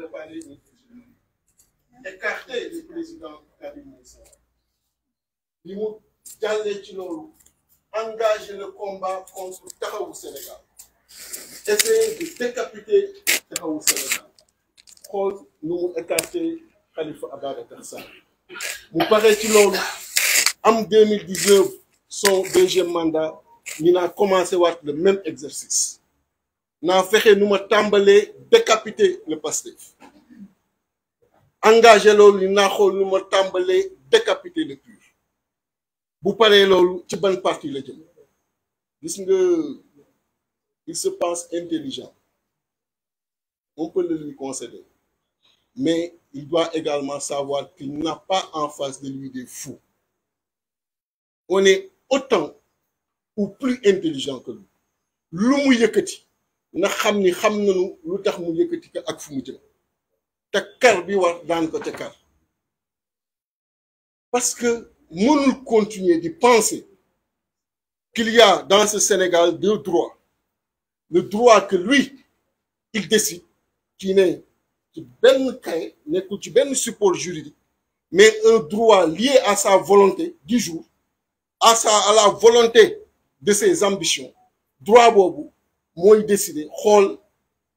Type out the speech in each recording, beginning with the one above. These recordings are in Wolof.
préparer une fusion écarter le président Karim Meïssa li mu jàllee ci loolu engager le combat contre taxawu Sénégal essayer de décapiter taxawu Sénégal xool nu mu écarter Khalifa Ababacar Sall mu paree ci loolu am 2019 son deuxième mandat ñu naa commencé waat le même exercice naa fexe nu ma tàmbalee décapiter le Pastef engage loolu naa xool nu ma tàmbalee décapiter le PUR bu paree loolu ci ban partie la jëm gis nga il se pense intelligent on peut le lui concéder mais il doit également savoir qu'il n'a pas en face de lui des fous on est autant ou plus intelligent que lui lu mu yëkkati na xam ni xam nañu lu tax mu yëkkati ko ak fu mu jëm te kar bi war daan ko ca parce que mënul continuer di penser qu'il y dans ce Sénégal deux droits le droit que lui il décide qui n'est ci benn kay nekkul ci benn support juridique mais un droit lié à sa volonté du jour à sa à la volonté de ses ambitions droit boobu mooy décider xool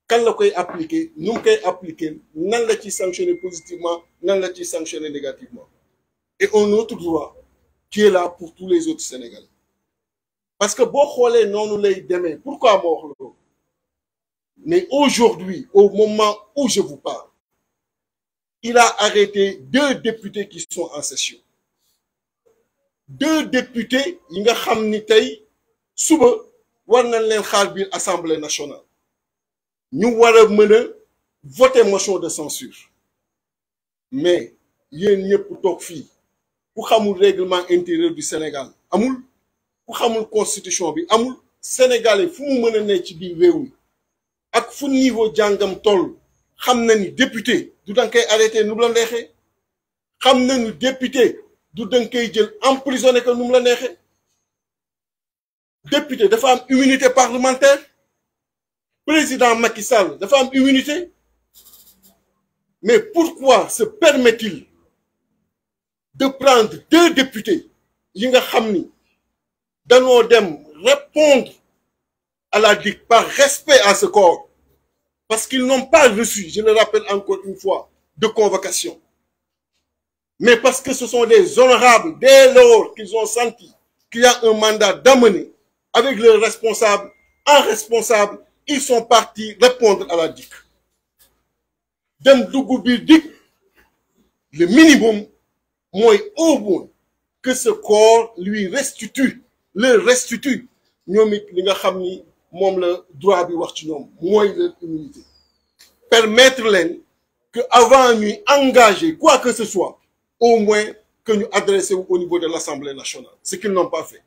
kan la koy appliquer nu mu koy appliquer nan la ciy sanctionner positivement nan la ciy sanctionner négativement et un autre droit qui est là pour tous les autres Sénégalais parce que boo xoolee noonu lay demee pourquoi moo wax la ko mais aujourd'hui au moment où je vous parle il a arrêté deux députés qui sont en session deux députés yi nga xam ni tey suba war nañ leen xaar biir assemblée nationale ñu war a mën a voter motion de censure mais yéen ñëpp toog fii ku xamul règlement intérieur du Sénégal amul ku xamul constitution bi amul sénégalais fu mu mën a ne ci biir réew ak fu niveau jàngam toll xam na ni député du danga koy arrêté nu la neexee xam na ni député du danga koy jël emprisonné ko nu mu la neexee député dafa am immunité parlementaire président Macky Sall dafa am immunité mais pourquoi se permet-il de prendre deux députés yi nga xam ni dañoo dem répondre à la DIC par respect à ce corps parce qu'ils n'ont pas reçu je le rappelle encore une fois de convocation mais parce que ce sont des honorables dès lors qu'ils ont senti qu'il y a un mandat d'amener avec leurs responsables, en responsable, ils sont partis répondre à la DIC. dem dugg biir DIC le minimum mooy au moins que ce corps lui restitue leur restitue ñoom it li nga xam ni moom la droit bi wax ci ñoom mooy leur immunité permettre leen que avant ñuy engager quoi que ce soit au moins que ñu adressé wu au niveau de l'Assemblée nationale ce qu'ils n'ont pas fait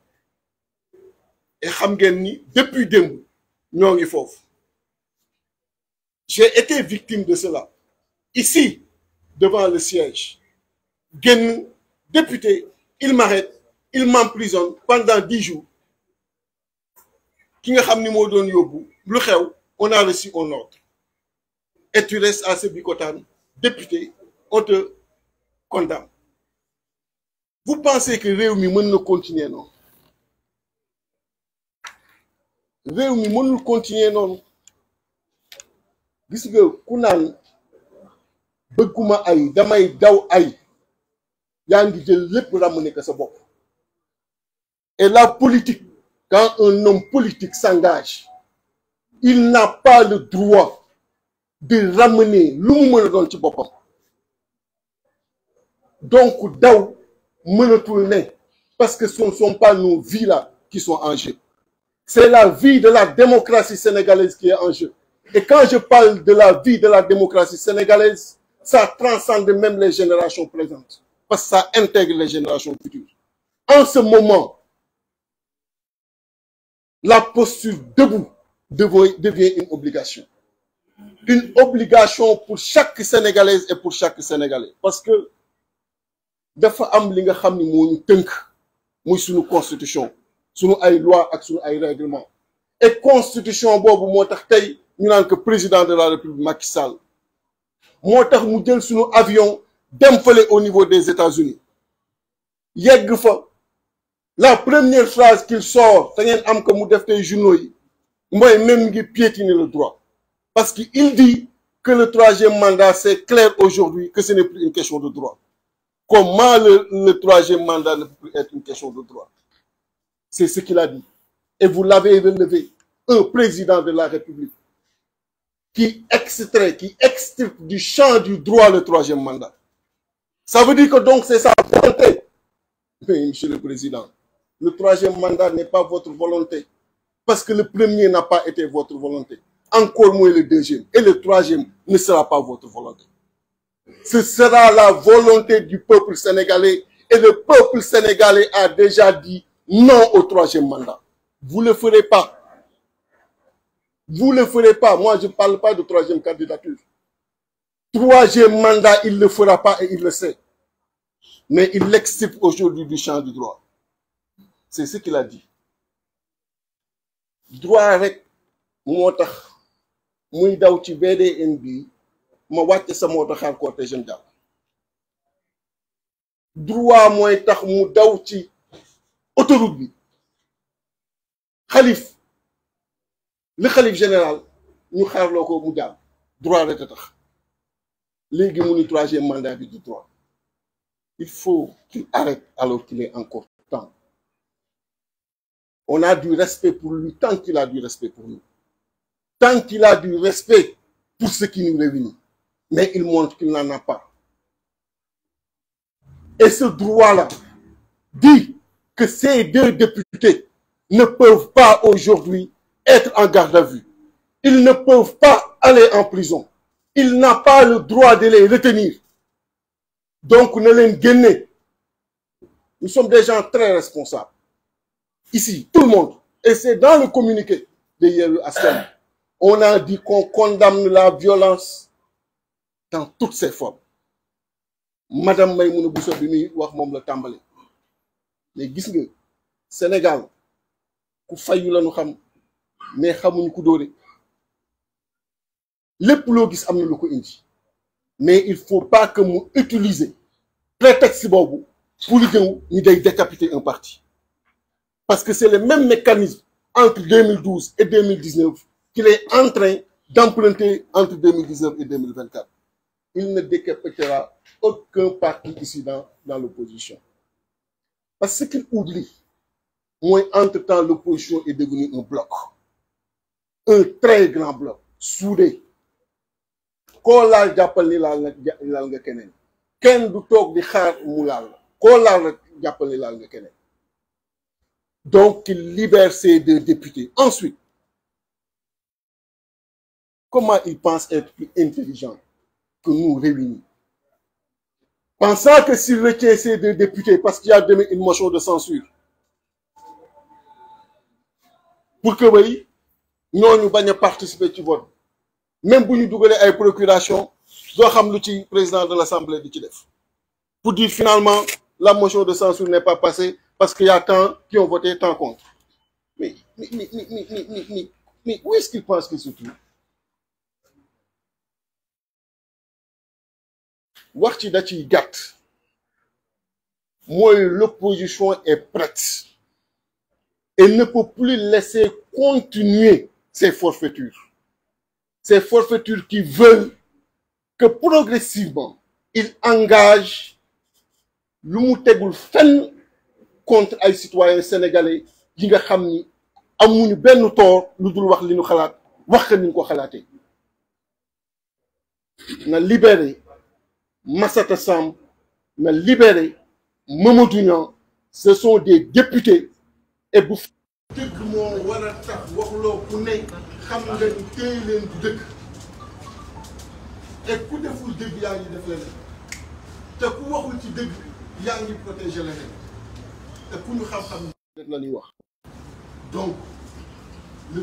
et xam ngeen ni depuis démb ñoo ngi foofu j'ai été victime de cela ici devant le siège génn député il m'arrête il m'emprisonne pendant dix jours ki nga xam ni moo doon yóbbu lu xew on a reçu un ordre et tu restes à Sébikotane député on te condamne vous pensez que réew mi mën na continuer non réew mi mënul continuer noonu gis nga ku naan bëgguma ay damay daw ay yaa ngi jël lépp ramener que sa bopp et la politique quand un homme politique sangage il n'a pas le droit de ramener lu mu mën a ci boppam donc daw mënatul ne parce que ce ne sont pas nos vies qui sont en c'est la vie de la démocratie sénégalaise qui est en jeu. Et quand je parle de la vie de la démocratie sénégalaise, ça transcende même les générations présentes, parce que ça intègre les générations futures. En ce moment, la posture debout devient une obligation. Une obligation pour chaque Sénégalaise et pour chaque Sénégalais. Parce que dafa am li nga xam ni moo ñu tënk muy suñu constitution suñu ay loi ak suñu ay règlement et constitution boobu moo tax tey ñu naan que président de la république Macky Sall moo tax mu jël suñu avion dem fale au niveau des États-Unis yegg fa la première phrase qu'il sort te ngeen am que mu def tey journaux yi mooy même ngi piétiner le droit parce que il dit que le troisième mandat c'est clair aujourd'hui que ce n'est plus une question de droit comment le, le troisième mandat ne peut plus être une question C'est ce qu'il a dit. Et vous l'avez relevé. Un président de la République qui extrait, qui extirpe du champ du droit le troisième mandat. Ça veut dire que donc c'est sa volonté. monsieur le Président, le troisième mandat n'est pas votre volonté. Parce que le premier n'a pas été votre volonté. Encore moins le deuxième. Et le troisième ne sera pas votre volonté. Ce sera la volonté du peuple sénégalais. Et le peuple sénégalais a déjà dit non au troisième mandat. Vous ne le ferez pas. Vous le ferez pas. Moi, je ne parle pas de troisième candidature. Troisième mandat, il ne le fera pas et il le Mais il l'extirpe aujourd'hui du champ du droit. C'est ce qu'il a dit. droit rek moo tax muy daw ci BDN bi ma wàcc sa moto xaar cortège am jàll droit mooy tax mu daw ci autoroute bi xalif li général ñu xaarloo ko mu daal droit rek a tax léegi mu troisième mandat bi du droit il faut qu'il arrête alors qu'il est encore temps on a du respect pour lui tant qu'il a du respect pour nous tant qu'il a du respect pour ce qui nous réunit mais il montre qu'il n'en a pas et ce droit-là dit que ces deux députés ne peuvent pas aujourd'hui être en garde à vue. Ils ne peuvent pas aller en prison. Il n'a pas le droit de les retenir. Donc, ne les gagnez. Nous sommes des gens très responsables. Ici, tout le monde. Et c'est dans le communiqué de Yelu Askan. On a dit qu'on condamne la violence dans toutes ses formes. Madame Maïmouna Bousso bi muy wax moom la tàmbali mais gis nga Sénégal ku fayu nu xam mais xamuñ ku dóore lépp loo gis am na lu ko indi mais il faut pas que mu utiliser prétexte boobu pour ñëw ñu day décapiter un parti parce que c'est le même mécanisme entre 2012 et 2019 qu'il est en train d'emprunter entre 2019 et 2024 il ne décapitera aucun parti ici dans dans l'opposition Parce que ce qu'il oublie, mooy entre l'opposition est devenue un bloc un très grand bloc soudé koo laal jàppal ni laal nga laal nga kenn du toog di xaar mu laal la koo laal ni laal nga keneen donc il libère ces deux députés ensuite comment il pense être plus intelligent que nous réunis Pensant que s'il retient ces deux députés, parce qu'il y a demain une motion de censure, pour que oui, nous ne pas participer au vote. Même si nous avons une procuration, nous avons le président de l'Assemblée du Tidef. Pour dire finalement, la motion de censure n'est pas passée parce qu'il y a tant qui ont voté tant contre. Mais, où est-ce qu'ils pensent qu'ils se wax ci da ci gàtt mooy l'opposition est prête et ne peut plus laisser continuer ces forfaitures ces forfaitures qui veulent que progressivement il engage lu mu tegul contre ay citoyens sénégalais yi nga xam ni amuñu benn toor lu dul wax li ñu xalaat wax ni ñu ko xalaatee na libérer Massata Samb na libéré Mamadou Niang ce sont des députés et bu dëgg moo war a tax waxloo ku ne xam nga ni leen du dëgg et ku deful dëgg yaa ngi def leneen te ku waxul ci dëgg yaa ngi protéger leneen te ku ñu xam-xam rek la ñuy wax donc le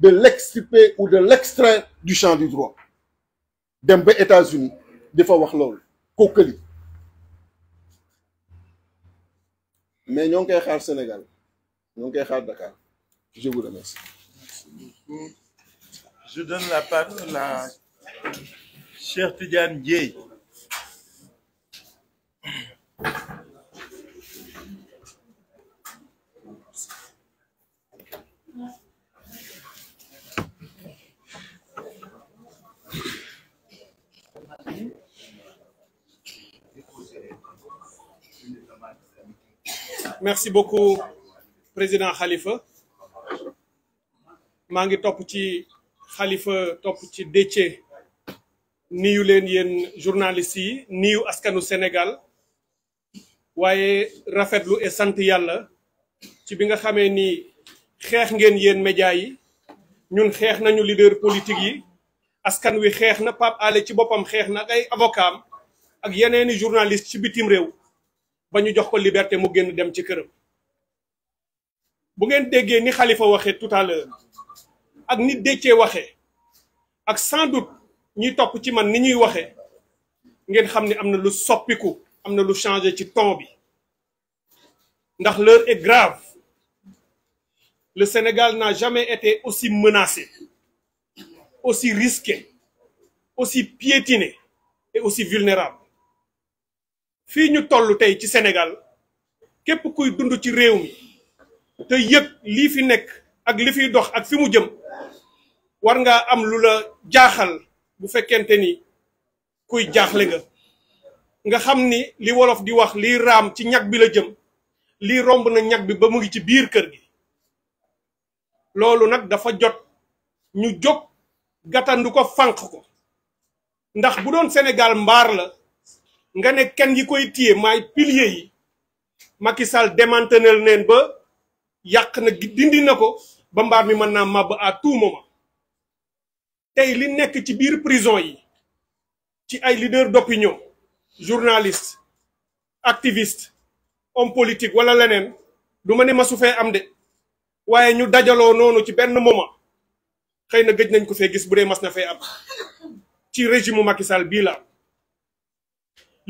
de l'extirper ou de l'extraire du champ du droit dem États-Unis di fa wax loolu kookali mais ñoo ngi koy xaar Sénégal ñoo ngi koy xaar Dakar je vous remercie. Je donne la parole à Cheikh Tidiane Dièye. merci beaucoup président Khalifa maa ngi topp ci Khalifa topp ci Déthié niyu leen yéen journalistes yi niyu askanu Sénégal waaye rafetlu et sant yàlla ci bi nga xamee ni xeex ngeen yéen médias yi ñun xeex nañu leader politique yi askan wi xeex na Pape Alé ci boppam xeex na ak ay avocat am ak yeneeni journaliste ci bitim réew ba ñu jox ko liberté mu génn dem ci këram bu ngeen déggee ni xalifa waxee tout à l'heure ak ni Déthié waxee ak sans doute ñuy topp ci man ni ñuy waxee ngeen xam ni am na lu soppiku am na lu changé ci ton bi ndax l'heure est grave le Sénégal n'a jamais été aussi menacé aussi risqué aussi piétiné et aussi vulnérable fii ñu toll tey ci senegal képp kuy dund ci réew mi te yëg lii fi nekk ak li fiy dox ak fi mu jëm war ngaa am lu la jaaxal bu fekkente ni kuy jaaxle nga nga xam ni li wolof di wax lii raam ci ñag bi la jëm lii romb na ñag bi ba mu ngi ci biir kër gi loolu nag dafa jot ñu jóg gàttandu ko fànq ko ndax bu doon senegal mbaar la nga ne kenn yi koy téye maay pilier yi Macky Sall démantelé ba yàq na dindi na ko ba mbaam mi mën naa mab à tout moment tey li nekk ci biir prison yi ci ay leader d'opinion journaliste activiste homme politique wala leneen du ma ne masu su am de waaye ñu dajaloo noonu ci benn moment xëy na gëj nañ ko fee gis bu dee mas na fee am ci régime Macky Sall bii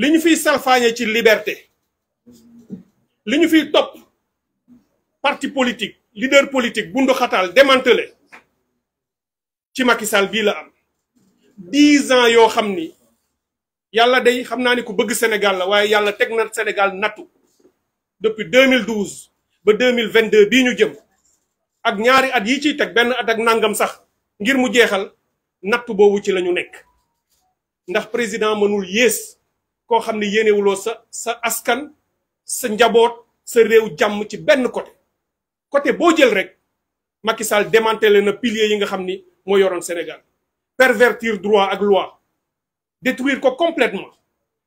li ñu fiy salfaañe ci liberté li ñu fi topp parti politique leader politique bundu xataal démantelé ci Macky bii la am dix ans yoo xam ni yàlla dey xam naa ni ku bëgg Sénégal la waaye yàlla teg na Sénégal nattu depuis 2012 ba 2022 bii ñu jëm ak ñaari at yi ciy teg benn at ak nangam sax ngir mu jeexal nattu boobu ci lañu nekk ndax président mënul yées koo xam ne yéenewuloo sa sa askan sa njaboot sa réew jàmm ci benn côté côté boo jël rek Macky Sall démantelé na pilier yi nga xam ni moo yoroon Sénégal pervertir droit ak loi détruire ko complètement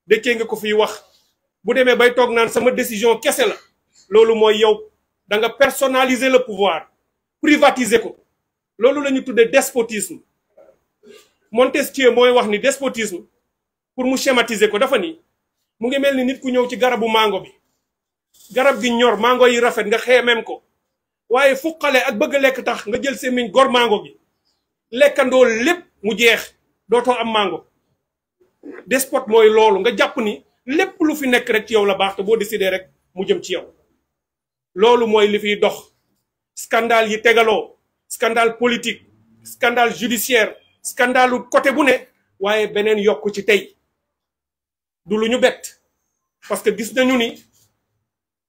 dëkkee nga ko fiy wax bu demee bay toog naan sama décision kese la loolu mooy yow da nga personnaliser le pouvoir privatiser ko loolu la ñu tuddee despotisme Montesquieu mooy wax ni despotisme pour mu schématiser ko dafa ni mu ngi mel ni nit ku ñëw ci garabu mango bi garab gi ñor mango yi rafet nga xeemeem ko waaye fuqale ak bëgg lekk tax nga jël semiñ gor mango gi lekkandoo lépp mu jeex dooto am mango despot mooy loolu nga jàpp ni lépp lu fi nekk rek ci yow la baax te boo décidé rek mu jëm ci yow loolu mooy li fiy dox scandale yi tegaloo scandale politique scandale judiciaire scandalu côté bu ne waaye beneen yokk ci tey du lu ñu bett parce que gis nañu ni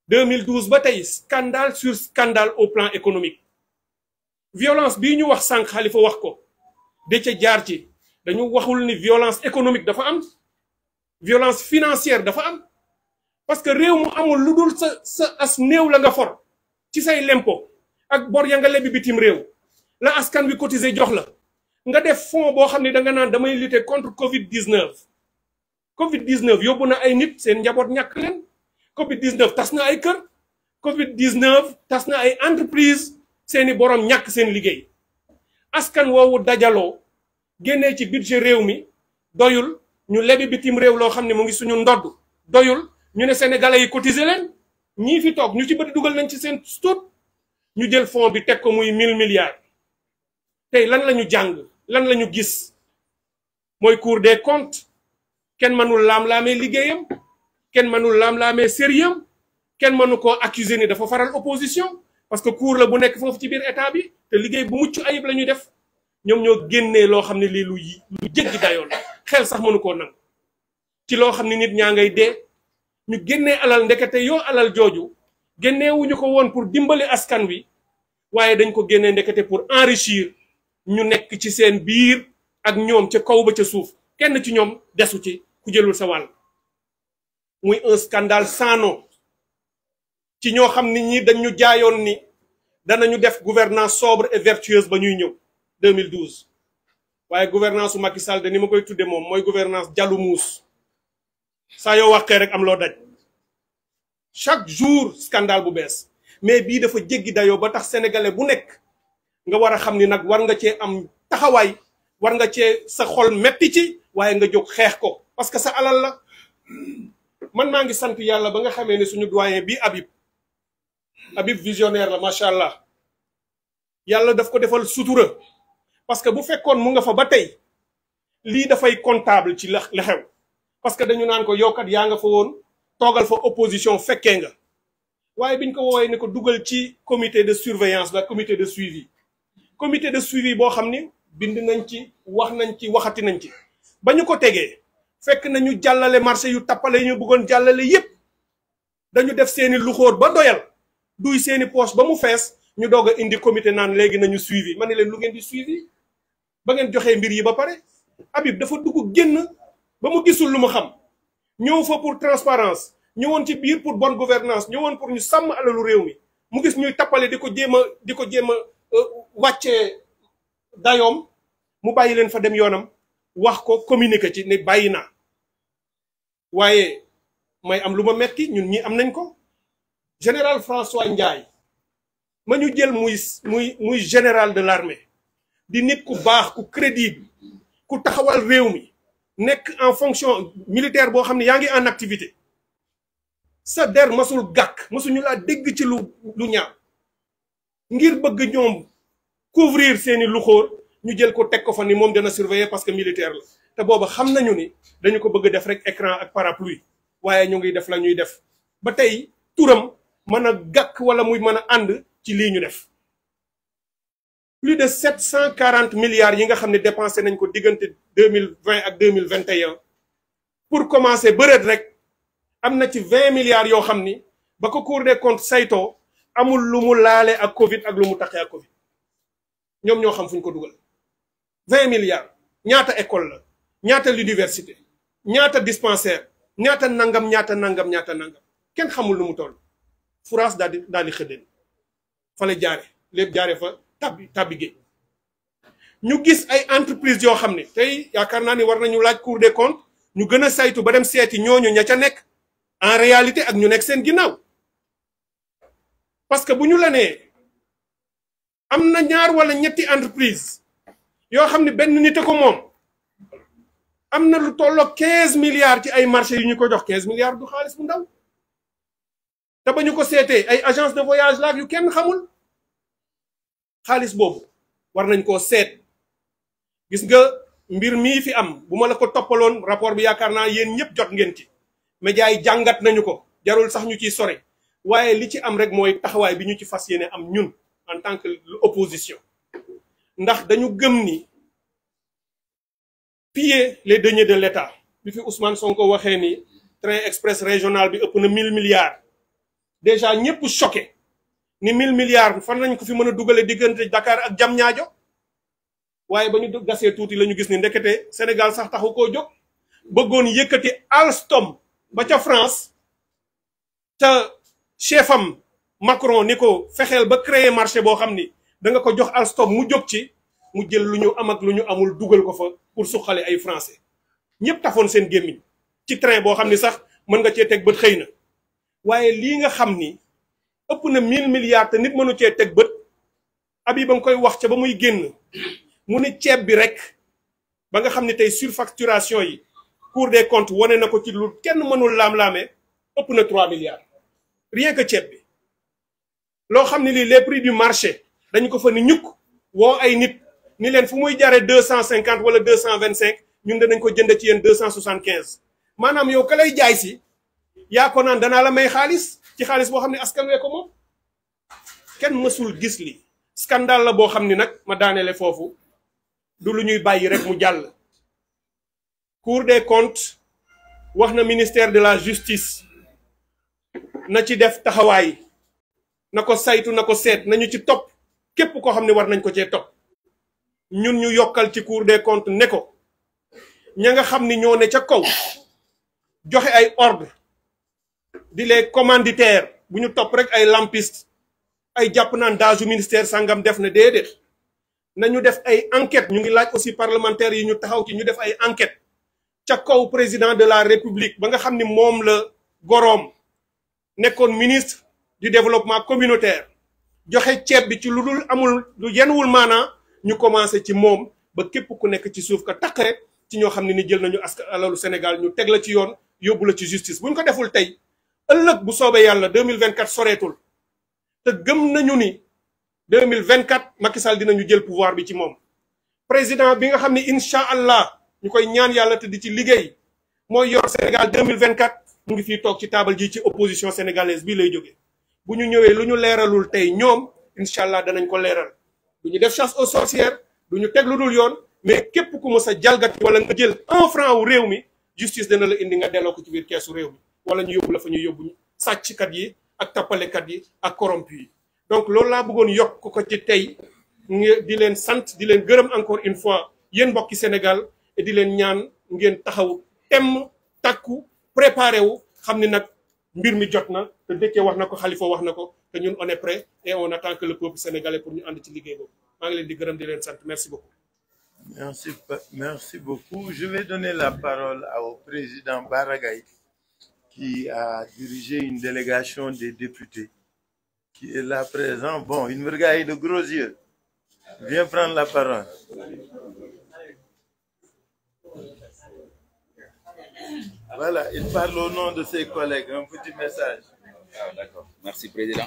2012 ba tey scandale sur scandale au plan économique violence bii ñu wax sànq Xalifa wax ko de ca jaar ci dañu waxul ni violence économique dafa am violence financière dafa am parce que réew mu amul lu dul sa sa as néew la nga for ci say lempo ak bor ya nga lebi bitim réew la askan wi cotisé jox la nga def fonds boo xam ne da nga naan damay lutter contre Covid 19. Covid 19 yóbbu na ay nit seen njaboot ñàkk leen Covid 19 tas na ay kër Covid 19 tas na ay entreprise seeni borom ñàkk seen liggéey askan woowu dajaloo génnee ci budget réew mi doyul ñu lebi bitim réew loo xam ne mu ngi suñu ndodd doyul ñu ne sénégalais yi cotiser leen ñii fi toog ñu ci bëri dugal nañ ci seen stuut ñu jël fond bi teg ko muy mille milliards tey lan la ñu jàng lan la ñu gis mooy Cour des comptes. kenn mënul laam-laamee liggéeyam kenn mënul laam-laamee sérieux kenn mënu ko accuser ni dafa faral opposition parce que cour la bu nekk foofu ci biir état bi te liggéey bu mucc ayib la ñuy def ñoom ñoo génnee loo xam ne lii lu lu jéggi dayoo la xel sax mënu koo nangu ci loo xam ne nit ñaa ngay dee ñu génnee alal ndekete yoo alal jooju génneewuñu ko woon pour dimbali askan wi waaye dañ ko génnee ndekete pour enrichir ñu nekk ci seen biir ak ñoom ca kaw ba ca suuf kenn ci ñoom desu ci ku jëlul sa wàll muy un scandale saano ci ñoo xam ni ñi dañu jaayoon ni danañu def gouvernance sobre et vertueuse ba ñuy ñëw 2012 waaye gouvernance su Macky Sall de ni ma koy tudde moom mooy gouvernance jalu muus saa yoo waxee rek am loo daj chaque jour scandale bu bees mais bii dafa jéggi dayoo ba tax sénégalais bu nekk nga war a xam ni nag war nga cee am taxawaay war nga cee sa xol metti ci waaye nga jóg xeex ko parce que sa alal la man maa ngi sant yàlla ba nga xamee ne suñu doyen bii Habib Habib visionnaire la macha allah yàlla daf ko defal sutura parce que bu fekkoon mu nga fa ba tey lii dafay comptable ci la xew parce que dañu naan ko yow kat yaa nga fa woon toogal fa opposition fekkee nga waaye biñ ko woowee ne ko dugal ci commité de surveillance la comité de suivi comité de suivi boo xam ni bind nañ ci wax nañ ci waxati nañ ci ba ñu ko tegee fekk na ñu jàllale marché yu tappale yi ñu bëggoon jàllale yépp dañu def seeni luxóor ba doyal duy seeni poche ba mu fees ñu doog indi comité naan léegi nañu suivi ma ne leen lu ngeen di suivi ba ngeen joxee mbir yi ba pare Habib dafa dugg génn ba mu gisul lu mu xam ñëw fa pour transparence ñëwoon ci biir pour bon gouvernance ñëwoon pour ñu sàmm alalu réew mi mu gis ñuy tappale di ko jéem a di ko jéem a euh, wàccee dayoom mu bàyyi leen fa dem yoonam wax ko communiqué ci ne bàyyi naa waaye may am lu ma metti ñun ñi am nañ ko général François Ndiaye ma ñu jël muy muy muy général de l'armée di nit ku baax ku crédit ku taxawal réew mi nekk en fonction militaire boo xam ne yaa ngi en activité sa der masul gàkk masuñu laa dégg ci lu lu ñaaw ngir bëgg ñoom couvrir seeni luxóor ñu jël ko teg ko fa ni moom dana surveiller parce que militaire la te booba xam nañu ni dañu ko bëgg def rek écran ak parapluie waaye ñu ngi def la ñuy def ba tey turam mën a gàkk wala muy mën a ànd ci lii ñu def plus de sept cent quarante milliards yi nga xam ne dépensé nañ ko diggante deux mille vingt ak deux mille vingt et un pour commencer bëreet rek am na ci vingt milliards yoo xam ni ba ko Cour de comptes saytoo amul lu mu laale ak Covid ak lu mu taqee ak Covid ñoom ñoo xam fu ñu ko dugal vingt milliards ñaata école la ñaata l'université ñaata dispensaire ñaata nangam ñaata nangam ñaata nangam kenn xamul lu mu toll fourage daal di daal di xëddeen fa la jaare lépp jaare fa tabbi tabbi ñu gis ay entreprise yoo xam ne tey yaakaar naa ni war nañu laaj Cour des comptes ñu gën a saytu ba dem seeti ñooñu ña ca nekk en réalité ak ñu nekk seen ginnaaw parce que bu ñu la nee am na ñaar wala ñetti entreprise yoo xam ne benn nit a ko moom am na lu tolloo 15 milliards ci ay marché yu ñu ko jox 15 milliards du xaalis bu ndaw te ba ñu ko seetee ay agence de voyage laak yu kenn xamul xaalis boobu war nañ koo seet gis nga mbir mii fi am bu ma la ko toppaloon rapport bi yaakaar naa yéen ñëpp jot ngeen ci médias yi jàngat nañu ko jarul sax ñu ciy sore waaye li ci am rek mooy taxawaay bi ñu ci fas yéene am ñun en tant que opposition ndax dañu gëm ni piller les deniers de l'État bi fi Ousmane Sonko waxee ni train express régional bi ëpp na mille milliards déjà ñëpp choqué ni mille milliards fan lañ ko fi mën a dugale diggante Dakar ak jam Diamniadio waaye ba ñu gasee tuuti la ñu gis ni ndekete Sénégal sax taxu koo jóg bëggoon yëkkati Alstom ba ca France ca chef am Macron ni ko fexeel ba créer marché boo xam ni da nga ko jox Alstom mu jóg ci mu jël lu ñu am lu ñu amul dugal ko fa pour suqale ay français ñëpp tafoon seen gémmiñ ci train boo xam ni sax mën nga cee teg bët xëy na waaye lii nga xam ni ëpp na 1000 milliards te nit mënu cee teg bët ab ba nga koy wax ca ba muy génn mu ne ceeb bi rek ba nga xam ni tey surfacturation yi Cour de comptes wane na ko ci lu kenn mënul laam-laamee ëpp na 3 milliards rien que ceeb bi loo xam ne lii les prix du marché dañ ko fa ni ñukk woo ay nit ni leen fu muy jaree cent cinquante wala deux cent vingt cinq ñun danañ ko jënd ci yéen deux cent soixante maanaam yow ka lay jaay si yaa ko naan danaa la may xaalis ci xaalis boo xam ne askan wee ko moom kenn mësul gis li scandale la boo xam ni nag ma daaneele foofu du lu ñuy bàyyi rek mu jàll Cour des comptes wax na ministère de la justice na ci def taxawaay na ko saytu na ko seet nañu ci topp képp koo xam ne war nañ ko cee topp ñun ñu yokkal ci cour des comptes ne ko ña nga xam ni ñoo ne ca kaw joxe ay ordre di les commanditaires bu ñu topp rek ay lampiste ay jàpp naan daaju ministère sangam def na déedéet nañu def ay enquête ñu ngi laaj aussi parlementaires yi ñu taxaw ci ñu def ay enquête ca kaw président de la république ba nga xam ni moom la goroom nekkoon ministre di développement communautaire joxe ceeb bi ci lu dul amul lu yenwul maanaa ñu commencé ci moom ba képp ku nekk ci suuf ka takk rek ci ñoo xam ne ni jël nañu askan alalu Sénégal ñu teg la ci yoon yóbbu la ci justice buñ ko deful tey ëllëg bu soobee yàlla 2024 soreetul te gëm nañu ni 2024 Macky Sall dinañu jël pouvoir bi ci moom président bi nga xam ni incha allah ñu koy ñaan yàlla te di ci liggéey mooy yor Sénégal 2024 mu ngi fi toog ci taabal ji ci opposition sénégalaise bii lay jóge bu ñu ñëwee lu ñu leeralul tey ñoom incha allah danañ ko leeral du ñu def chasse aux sorcières du ñu teg lu dul yoon mais képp ku mës a jalgati wala nga jël un franc wu réew mi justice na la indi nga delloo ko ci biir keesu réew mi wala ñu yóbbu la fa ñu yóbbu sàcckat yi ak tappalekat yi ak corrompu donc loolu laa bëggoon yokk ko ci tey di leen sant di leen gërëm encore une fois yéen mbokki Sénégal et di leen ñaan ngeen taxaw temm takku préparé wu xam ni nag mbir mi jot na te dëkkee wax na ko xalifa wax na ko te ñun on est prêt et on attend que le peuple sénégalais pour ñu ànd ci liggéey boobu maa je vais donner la parole au président Baragaï qui a dirigé une délégation des députés qui est là présent bon il me regarde de gros yeux viens prendre la parole. Voilà, il parle au nom de ses collègues. Un petit message. Ah, d'accord. Merci, Président.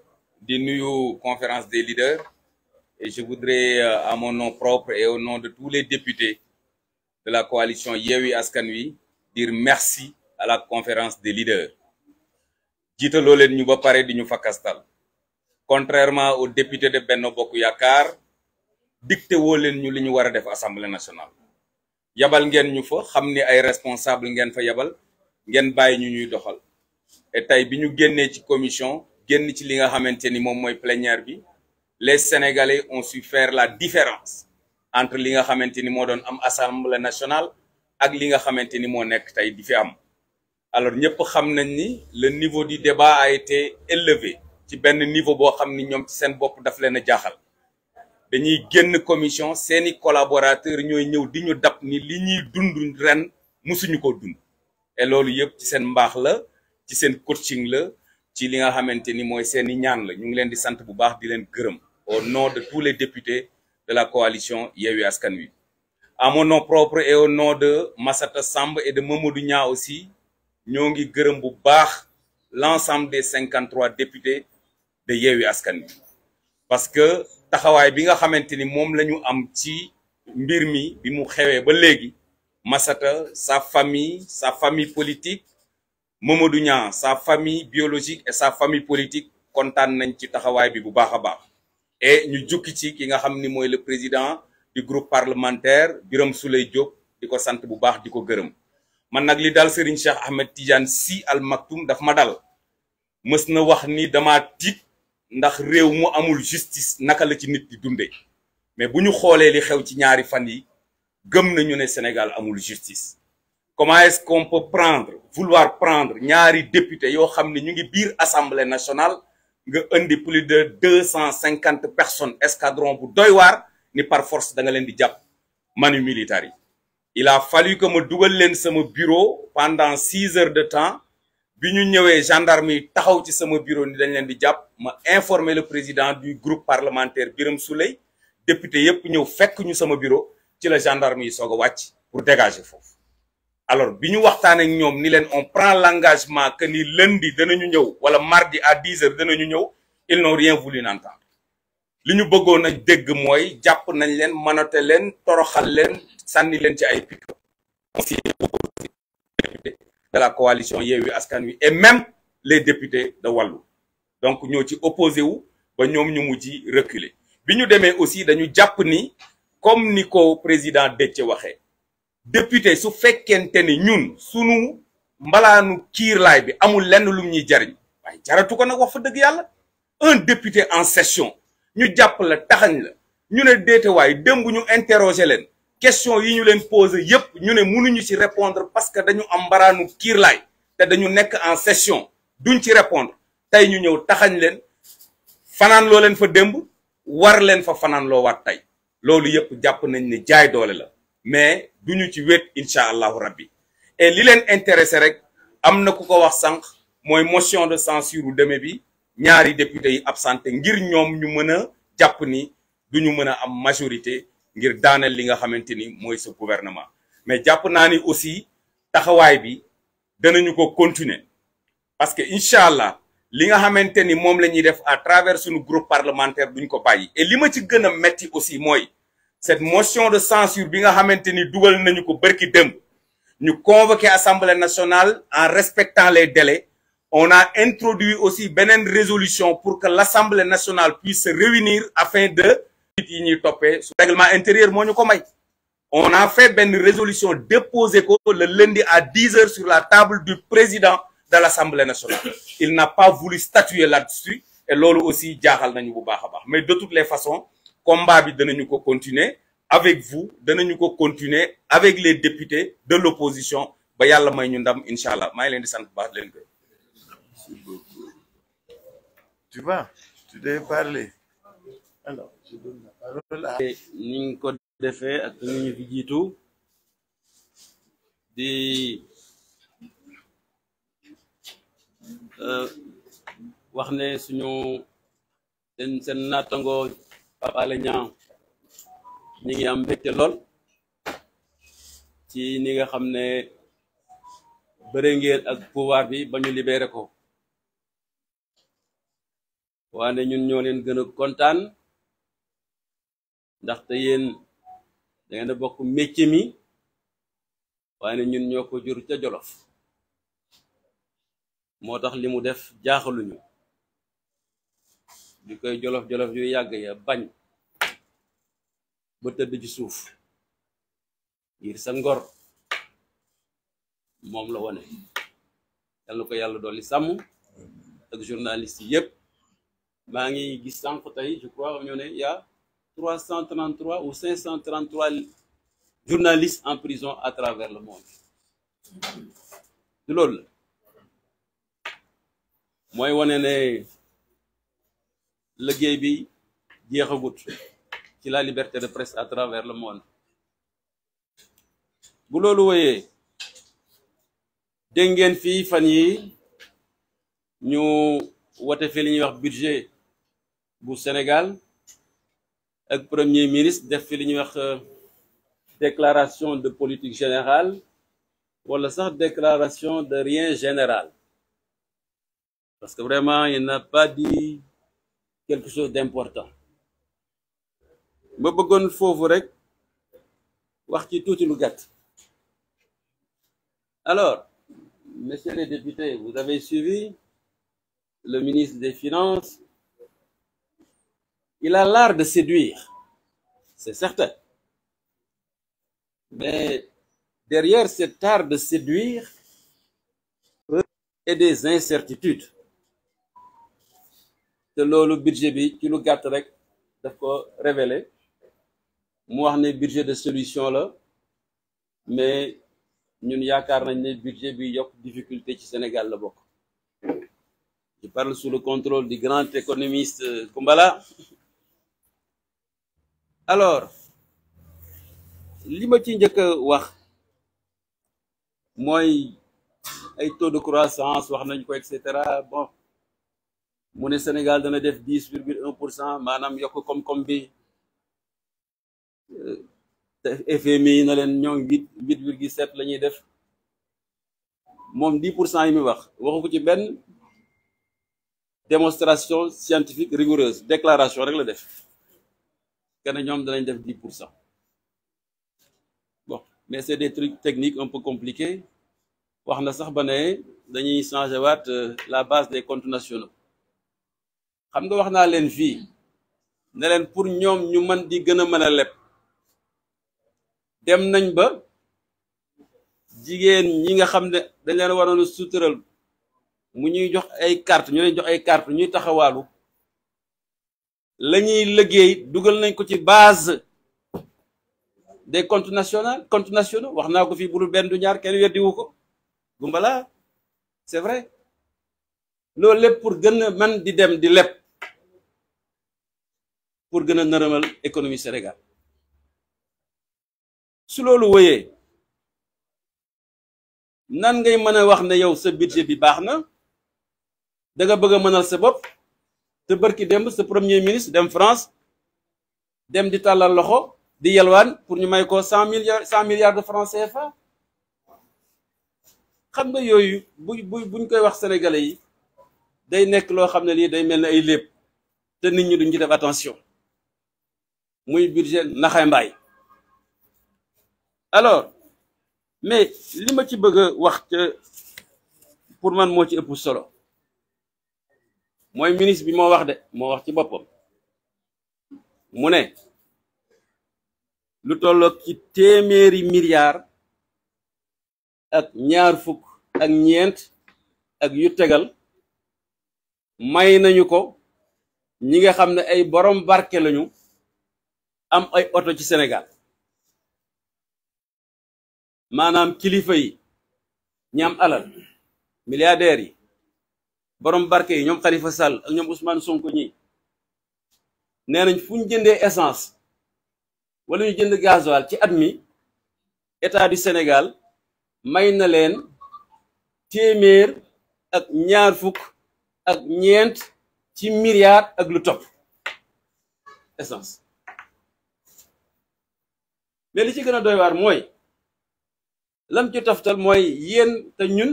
di nuyu conférence des leaders et je voudrais euh, à mon nom propre et au nom de tous les députés de la coalition Yewwi Askan Wi dire merci à la conférence des leaders jiitaloo leen ñu ba pare di ñu fakastal contrairement aux députés de Benno Bokk Yaakaar dicté woo leen ñu li ñu war a def assemblée nationale yabal ngeen ñu fa xam ni ay responsable ngeen fa yabal ngeen bàyyi ñu ñuy doxal et tey bi ñu génnee ci commission génn ci li nga xamante ni moom mooy plénière bi les sénégalais on su faire la différence entre li nga xamante ni moo doon am assemblée national ak li nga xamante ni moo nekk tey di fi am alors ñëpp xam nañ ni le niveau du débat a été élevé ci benn niveau boo xam ni ñoom ci seen bopp daf leen a jaaxal dañuy génn commission seeni collaborateurs ñooy ñëw di ñu dab ni li ñuy dund ren musuñu ko dund et loolu yëpp ci seen mbaax la ci seen coaching la ci li nga xamante ni mooy seeni ñaan la ñu ngi leen di sant bu baax di leen gërëm au nom de tous les députés de la coalition Yewwi Askan Wi à mon nom propre et au nom de Massata Samb et de Mamadou Niang aussi ñoo ngi gërëm bu baax l'ensemble des 53 députés de Yewwi Askan Wi parce que taxawaay bi nga xamante ni moom la ñu am ci mbir mi bi mu xewee ba léegi Massata sa famille sa famille politique Mamadou Niang sa famille biologique et sa famille politique kontaan nañ ci taxawaay bi bu baax a baax et ñu jukki ci ki nga xam ni mooy le président du groupe parlementaire biram Souleye jóg di ko sant bu baax di ko gërëm man nag li daal Serigne Cheikh Ahmed Tidiane Sy Al Maktoum daf ma dal mës na wax ni dama tiit ndax réew mu amul justice naka la ci nit di dunde mais bu ñu xoolee li xew ci ñaari fan yi gëm nañu ne Sénégal amul justice comment est-ce qu'on peut prendre vouloir prendre ñaari député yoo xam ni ñu ngi biir assemblée nationale nga indi plus de deux cent cinquante personnes escadron bu doy waar ni par force danga nga leen di jàpp manu militaire yi il a fallu que ma dugal leen sama bureau pendant six heures de temps bi ñu ñëwee gendarme yi taxaw ci sama bureau ni dañ leen di jàpp ma informer la président du groupe parlementaire biram Souley député yëpp ñëw fekk ñu sama bureau ci la gendarme yi soog a wàcc pour dégager foofu alors bi ñu waxtaan ak ñoom ni leen on prend l'engagement que ni lundi ñu ñëw wala mardi à 10 heures danañu ñëw ils n'ont rien voulu n'entendre li ñu bëggoon a dégg mooy jàpp nañ leen manote leen toroxal leen sànni leen ci ay pic de la coalition Yewwi Askan Wi et même les députés de Wallu donc ñoo ci opposé wu ba ñoom ñu mujj reculer bi ñu demee aussi dañu jàpp ni comme ni ko président Déthié waxee député su fekkente ni ñun sunu mbalaanu kiirlaay bi amul lenn lum ñuy jariñ waaye jaratu ko nag wax fa dëgg yàlla un député en session ñu jàpp la taxañ la ñu ne déetewaay démb ñu interroger leen question yi ñu leen posé yépp ñu ne mënuñu ci répondre parce que dañu am mbaraanu kiirlaay te dañu nekk en session duñ ci répondre tey ñu ñëw taxañ leen fanaan loo leen fa démb war leen fa fanaan loo waat tey loolu yépp jàpp nañ ni jaay doole la mais duñu ci wet incha allahu rabbi et li leen intéressé rek am na ku ko wax sànq mooy motion de censure u deme bi ñaari député yi absenté ngir ñoom ñu mën a jàpp ni duñu mën a am majorité ngir daaneel li nga xamante ni mooy sa gouvernement mais jàpp naa ni aussi taxawaay bi danañu ko continuer parce que incha allah li nga xamante ni moom la ñuy def à travers suñu groupe parlementaire duñ ko bàyyi et li ma ci gën a metti aussi mooy cette motion de censure bi nga xamante ni dugal nañu ko bërki démb ñu convoqué assemblée nationale en respectant les délais on a introduit aussi beneen résolution pour que l'assemblée nationale puisse se réunir afin de nit yi ñuy toppee su règlement intérieur moo ñu ko may on a fait benn résolution déposé ko le lundi à dix heures sur la table du président de l'assemblée nationale il n'a pas voulu statuer là-dessus et loolu aussi jaaxal nañu bu baax a baax mais de toutes combat bi danañu ko continuer avec vous danañu ko continuer avec les députés de l'opposition ba yàlla may ñu ndam incha allah maa ngi leen di sant bu baax leen ko merci ko defee ak ni ñu fi jiitu di euh, wax ne suñu seen seen naatango Pape Alé Niang ñi ngi am mbégte lool ci ni nga xam ne bëre ngeen ak pouvoir bi ba ñu libéré ko waane ñun ñoo leen gën a kontaan ndaxte yéen da bokk métier mi waaye ñun ñoo ko jur ca Jolof moo tax li mu def jaaxaluñu di koy jolof-jolof yu yàgg ya bañ ba tëdd ci suuf ngir sa ngor moom la wone yal na ko yàlla dool dolli sàmm ak journaliste yépp maa ngi gis sànq tey je ne y a 333 ou 533 journalistes en prison à travers le monde du la mooy wane ne liggéey bi jeexagut ci la liberté de presse à travers le monde bu loolu wéyee dégg ngeen fii fan yi ñu wote fi li ñuy wax budget bu Sénégal ak premier ministre def fi li ñuy wax euh, déclaration de politique générale wala sax déclaration de rien général parce que vraiment il n'a pas dit quelque chose d'important ma bëggoon foofu rek wax ci tuuti lu gàtt alors messieurs les députés vous avez suivi le ministre des finances il a l'art de séduire c'est certain mais derrière cet art de séduire peut y avoir des incertitudes te loolu budget bi ci lu gàtt rek daf ko révélé mu wax ne budget de solution la mais ñun yaakaar nañ ne budget bi yokk difficulté ci Sénégal la bokk je parle sous le contrôle du grand économiste Koumbala alors li ma ci njëkk a wax mooy ay taux de croissance wax nañ ko et cetera bon mu ne Sénégal dana def dix virgule un pour cent maanaam yokk koom bi FMI na leen ñoom huit huit virgule sept la ñuy def moom dix pour cent yi muy wax waxu ko ci benn démonstration scientifique rigoureuse déclaration rek la def kenn ñoom danañ def dix pour cent bon mais c'est des trucs techniques un peu compliqués wax na sax ba ne dañuy changer waat euh, la base des comptes nationaux xam nga wax naa leen fii ne leen pour ñoom ñu man di gën a mën a leb dem nañ ba jigéen ñi nga xam ne dañ leen waroon a sutural mu ñuy jox ay carte ñu leen jox ay carte ñuy taxawaalu la ñuy liggéey dugal nañ ko ci base de comptes nationaux comptes nationaux wax naa ko fii bu dul benn du ñaar kenn weddiwu ko gumbala c'est vrai loolu lépp pour gën man di dem di leb pour gën a nërëmal économie Sénégal su loolu woyee nan ngay mën a wax ne yow sa budget bi baax na danga nga bëgg a mënal sa bopp te bërki demb sa premier ministre dem France dem di tàllal loxo di yelwaan pour ñu may ko cent milliards cent milliards de francs CFA xam nga yooyu bu buñ koy wax sénégalais yi day nekk loo xam ne lii day mel ni ay lépp te nit ñu duñ ci def attention muy budget naxay mbaay alors mais li ma ci bëgg a wax pour man moo ci ëpp solo mooy ministre bi moo wax de moo wax ci boppam mu ne lu tolloog ci téeméeri milliards ak ñaar fukk ak ñeent ak yu tegal may nañu ko ñi nga xam ne ay borom barke lañu am ay oto ci Sénégal maanaam kilifa yi ñi alal milliardaires yi borom barke yi ñoom Khalifa Sall ak ñoom Ousmane Sonko ñi nee nañ fu ñu jëndee essence wala ñu jënd gasoil ci at mi état du Sénégal may na leen téeméer ak ñaar fukk ak ñeent ci milliard ak lu topp essence. mais li ci gën a doy waar mooy lam ci taftal mooy yéen te ñun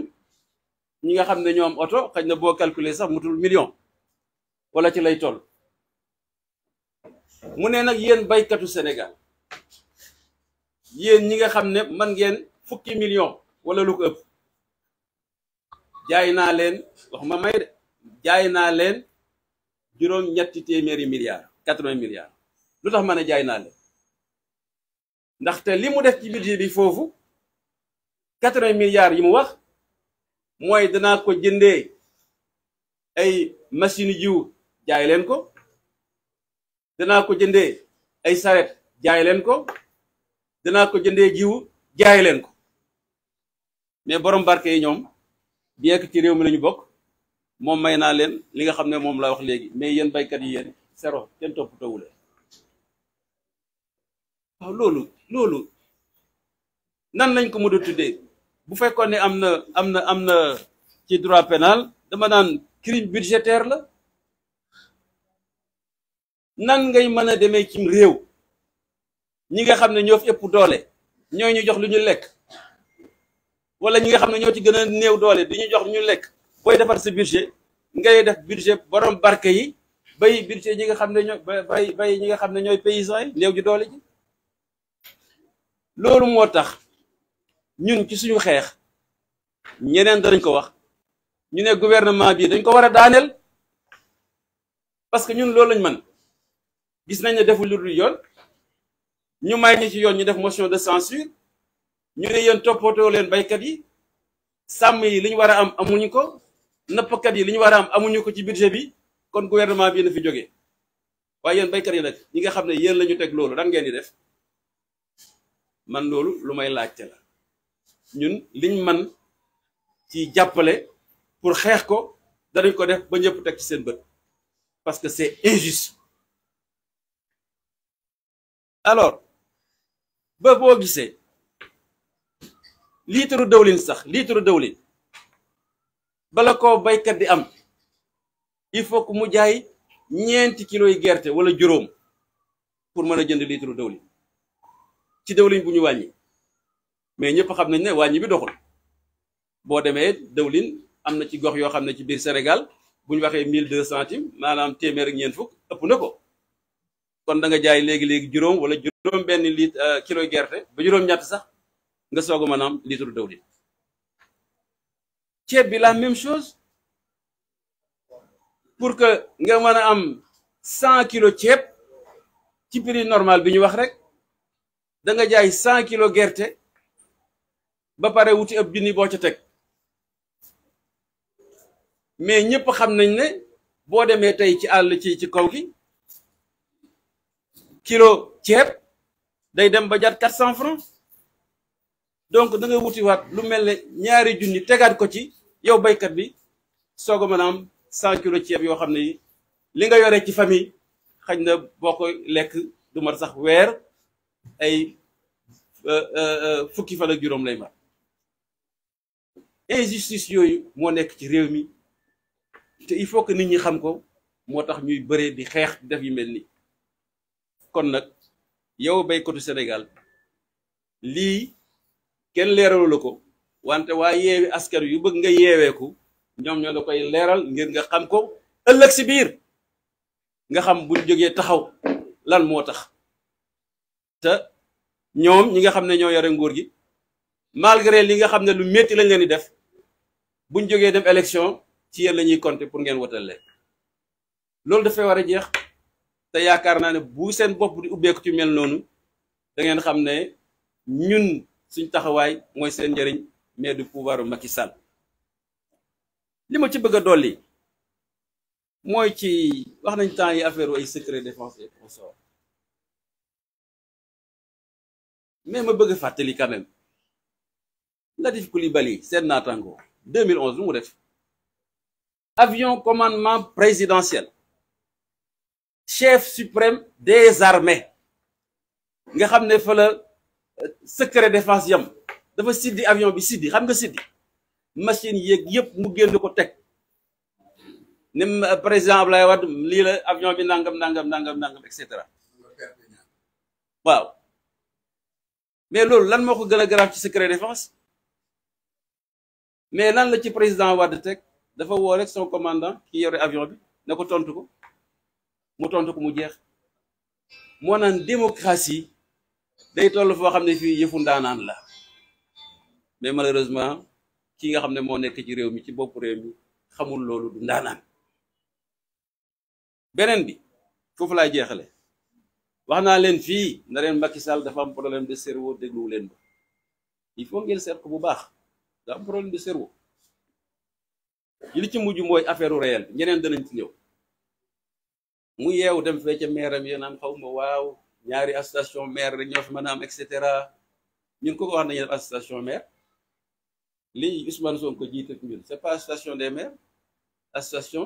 ñi nga xam ne ñoom oto xëy na boo calculer sax mutul million wala ci lay toll mu ne nag yéen baykatu Sénégal yéen ñi nga xam ne man ngeen fukki million wala lu ko ëpp jaay naa leen wax ma may de jaay naa leen juróom ñetti téeméeri milliards quatre-vingts milliards lu tax ma ne jaay naa leen ndaxte li mu def ci budget bi foofu quatre-vingts milliards yi mu wax mooy danaa ko jëndee ay machine jiw jaay leen ko danaa ko jëndee ay saret jaay leen ko danaa ko jëndee jiw jaay leen ko mais borom barke yi ñoom bien que ci réew mi la ñu bokk moom may naa leen li nga xam ne moom laa wax léegi mais yéen baykat yi yéen sero kenn toppatoowu leen waaw loolu loolu nan lañ ko mën a tuddee bu fekkoon ne am na am na am na ci droit penal dama naan crime budgétaire la nan ngay mën a demee cim réew ñi nga xam ne ñoo fi ëpp doole ñoo ñu jox lu ñu lekk wala ñi nga xam ne ñoo ci gën a néew doole du ñu jox lu ñu lekk booy defar sa budget ngay def budget borom barke yi bay budget ñi nga xam ne ñooy bay bay ñi nga xam ne ñooy paysans yi néew ju doole ji loolu moo tax ñun ci suñu xeex ñeneen danañ ko wax ñu ne gouvernement bii dañ ko war a daaneel parce que ñun loolu lañ mën gis nañ ne deful lu dul yoon ñu may ñi ci yoon ñu def motion de censure ñu ne yéen toppatoo leen baykat yi sàmm yi li ñu war a am amuñu ko nappkat yi li ñu war a am amuñu ko ci budget bi kon gouvernement bii na fi jóge waaye yéen baykat yi nag ñi nga xam ne yéen la ñu teg loolu lan ngeen di def. man loolu lu may laajte la ñun liñ man ci jàppale pour xeex ko danañ ko def ba ñëpp teg ci seen bët parce que c'est injuste alors ba boo gisee liitaru dawlin sax liitaru dawlin bala ko baykat di am il faut que mu jaay ñeenti kiloy gerte wala juróom pour mën a jënd liitaru dawlin ci dawlin bu ñu wàññi mais ñëpp xam nañ ne wàññi bi doxul boo demee dawlin am na ci gox yoo xam ne ci biir Sénégal bu ñu waxee mille deux centimes maanaam téeméer ak ñeent fukk ëpp na ko kon da nga jaay léegi-léegi juróom wala juróom benn liit euh, kilo gerte ba juróom-ñett sax nga soog a maanaam litre dawlin ceeb bi la même chose pour que nga mën a am cent kilo ceeb ci prix normal bi ñu wax rek da nga jaay cent kilo gerte ba pare wuti ab junni boo ca teg mais ñëpp xam nañ ne boo demee tey ci àll ci ci kaw gi kilo ceeb day dem ba jar quatre cent francs donc da nga wutiwaat lu mel ne ñaari junni tegaat ko ci yow baykat bi soo ko mën a am cent kilo ceeb yoo xam ne li nga yore ci famille xañ na boo koy lekk du mat sax weer ay euh, euh, euh, fukki fan ak juróom lay ma injustice yooyu moo nekk ci réew mi te il faut que nit ñi xam ko moo tax ñuy bëree di xeex di def yu mel ni kon nag yow béykatu Sénégal lii kenn leeralu ko wante waa yeewi askan yu bëgg nga yeeweeku ñoom ñoo la koy leeral ngir nga xam ko ëllëg si biir nga xam buñ jógee taxaw lan moo tax te ñoom ñi nga xam ne ñoo yore nguur gi malgré li nga xam ne lu métti lañ leen di def buñ jógee dem élection ci yéen la ñuy compter pour ngeen wotal leen loolu dafay war a jeex te yaakaar naa ne bu seen bopp di ubbeeku ci mel noonu da ngeen xam ne ñun suñ taxawaay mooy seen njëriñ mais du pouvoiru Macky Sall li ci bëgg a dolli mooy ci wax nañ temps yi affaire ay secret défense et consorts mais ma bëgg fàttali quand même Latif Coulibaly seen naataango 2011 lu mu def avion commandement présidentiel chef suprême des armées nga xam ne fa la euh, secret défense yam dafa siddi avion bi siddi xam nga siddi machine yeeg yëpp mu génn ko teg ne euh, président Ablaye Wade lii la avion bi nangam nangam nangam nangam et waaw mais loolu lan moo ko gën a grave ci secret défense mais lan la ci président Wade teg dafa woo rek son commandant ki yore avion bi ne ko tontu ko mu tontu ko mu jeex moo naan démocratie day toll foo xam ne fii yëfu ndaanaan la mais malheureusement ki nga xam ne moo nekk ci réew mi ci bopp réew mi xamul loolu du ndaanaan beneen bi foofu laay jeexale wax naa leen fii na leen Macky Sall dafa am problème de cerveau dégluwu leen il faut ngeen seet ko bu baax da am problème de cerveau li ci mujj mooy affaire u réel ñeneen danañ ci ñëw mu yeewu dem fee ca maire am xaw ma waaw ñaari association maire rek ñoo fi cetera ñun ko ko wax nañu def association maire lii Ousmane Sonko ko jiite ñun c'est pas association des maires association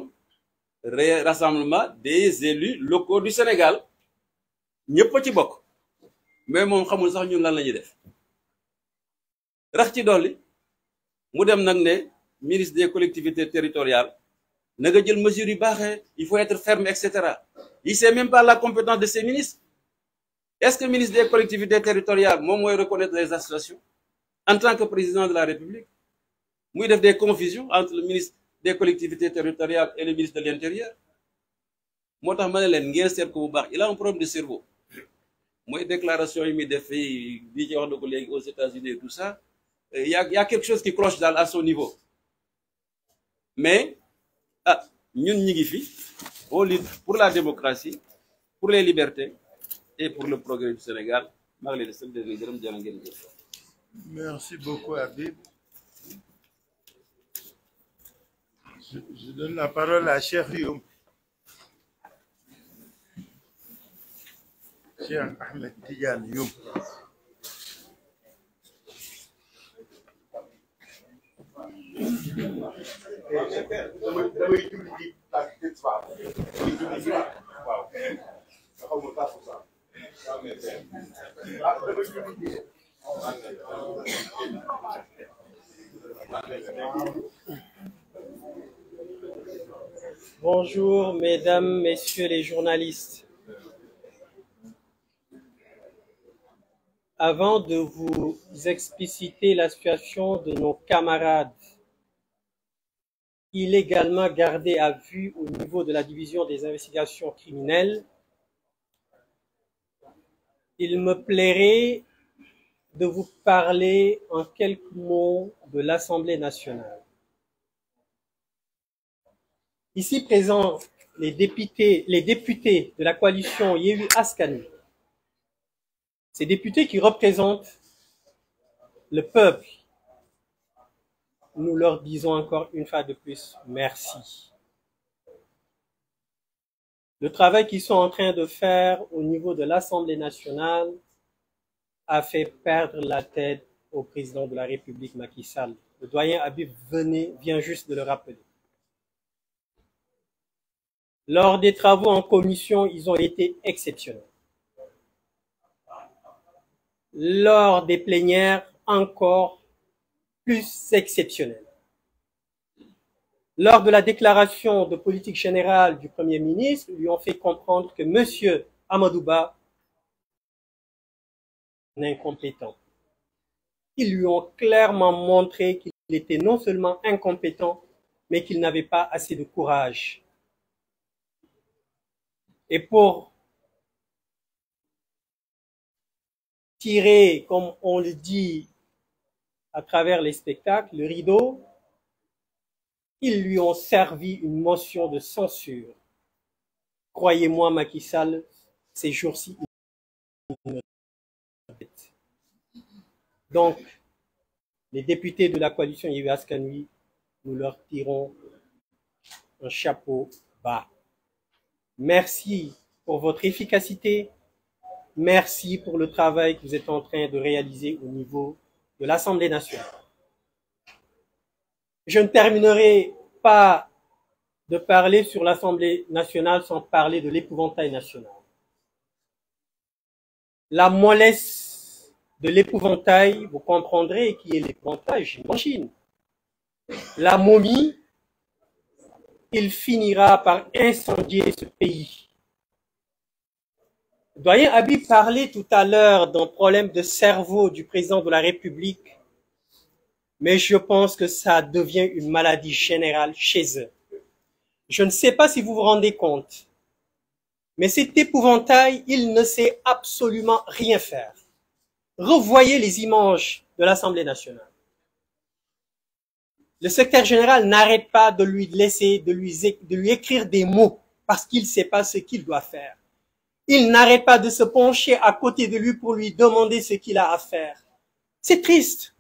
rassemblement des élus locaux du Sénégal ñëpp a ci bokk mais moom xamul sax ñun lan la ñuy def rax ci dolli mu dem nag ne ministre des collectivités territoriales na nga jël mesure yu baaxee il faut être ferme et cetera il sait même la compétence de ces ministres est-ce que ministre des collectivités territoriales moom mooy reconnaître les associations en tant que président de la république muy def des confusions entre le ministre des collectivités territoriales et le ministre de l'intérieur moo tax ma ne leen ngeen seet bu baax il a un problème de cerveau mooy déclaration yi muy def fii bii ci ko léegi aux États-Unis et tout ça euh, y a y a quelque chose qui cloche daal à son niveau mais ah ñun ñi ngi fi on lutte pour la démocratie pour les libertés et pour le progrès du Sénégal maa ngi leen di sant di leen gërëm jërë ngeen jëf. merci beaucoup Habib. Je, je donne la parole à Cheikh Youm. Cheikh Ahmed Tidiane Youm Bonjour, mesdames, messieurs les journalistes. Avant de vous expliciter la situation de nos camarades illégalement gardés à vue au niveau de la division des investigations criminelles, il me plairait de vous parler en quelques mots de l'Assemblée nationale. Ici présents les députés, de la coalition Yehu Askani, Ces députés qui représentent le peuple, nous leur disons encore une fois de plus merci. Le travail qu'ils sont en train de faire au niveau de l'Assemblée nationale a fait perdre la tête au président de la République, Macky Le doyen Habib venait, vient juste de le rappeler. Lors des travaux en commission, ils ont été exceptionnels. lors des plénières encore plus exceptionnelles. Lors de la déclaration de politique générale du Premier ministre, ils lui ont fait comprendre que M. Amadouba incompétent. Ils lui ont clairement montré qu'il était non seulement incompétent, mais qu'il n'avait pas assez de courage. Et pour tirer, comme on le dit à travers les spectacles, le rideau, ils lui ont servi une motion de censure. Croyez-moi, ces jours-ci, donc, les députés de la coalition Yves Kanui, nous leur tirons un chapeau bas. Merci pour votre efficacité, Merci pour le travail que vous êtes en train de réaliser au niveau de l'Assemblée Je ne terminerai pas de parler sur l'Assemblée nationale sans parler de l'épouvantail national. La mollesse de l'épouvantail, vous comprendrez qui est l'épouvantail, j'imagine. La momie, il finira par incendier ce pays. Doyen Abi parlait tout à l'heure d'un problème de cerveau du président de la République, mais je pense que ça devient une maladie générale chez eux. Je ne sais pas si vous vous rendez compte, mais cet épouvantail, il ne sait absolument rien faire. Revoyez les images de l'Assemblée nationale. Le secrétaire général n'arrête pas de lui écrire des mots parce qu'il ne sait pas ce qu'il doit faire. Il n'arrête pas de se pencher à côté de lui pour lui demander ce qu'il a à faire. C'est triste.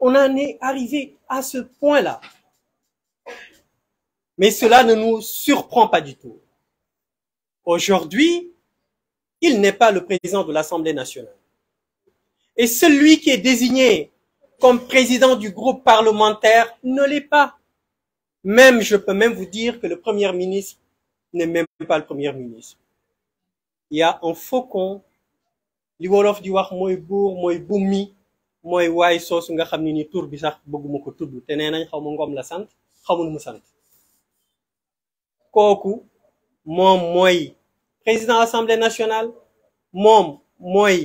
On en est arrivé à ce point-là. Mais cela ne nous surprend pas du tout. Aujourd'hui, il n'est pas le président de l'Assemblée nationale. Et celui qui est désigné comme président du groupe parlementaire ne l'est pas. Même, je peux même vous dire que le premier ministre n'est même pas le premier ministre. yaa a un faucon li wolof di wax mooy buur mooy bummi mooy waay soosu nga xam ne ni tur bi sax bëgguma ko tudd te nee nañ xaw ma ngoom la sant xamul mu sant kooku moom mooy président assemblée nationale moom moy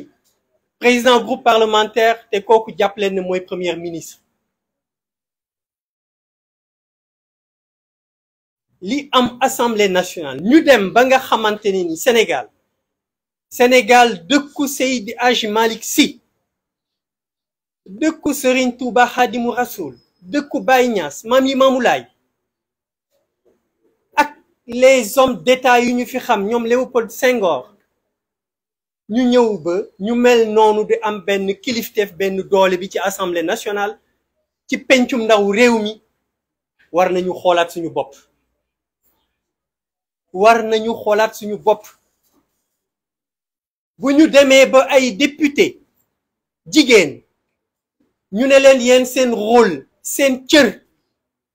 président groupe parlementaire te kooku jàppaleen ne mooy premier ministre li am assemblée nationale ñu dem ba nga xamante ni Sénégal Sénégal dëkku Seydi Hadj Malick Sy dëkku Serigne Touba Khadimu Rasoul dëkku Baye Niass Maam Limaamu Laay ak les hommes d'État yu ñu fi xam ñoom Léopold Senghor ñu ñëw ba ñu mel noonu di am benn kilifteef benn doole bi ci assemblée nationale ci pencum ndaw réew mi war nañu xoolaat suñu bopp war nañu xoolaat suñu bopp bu ñu demee ba ay député jigéen ñu ne leen yéen seen rôle seen cër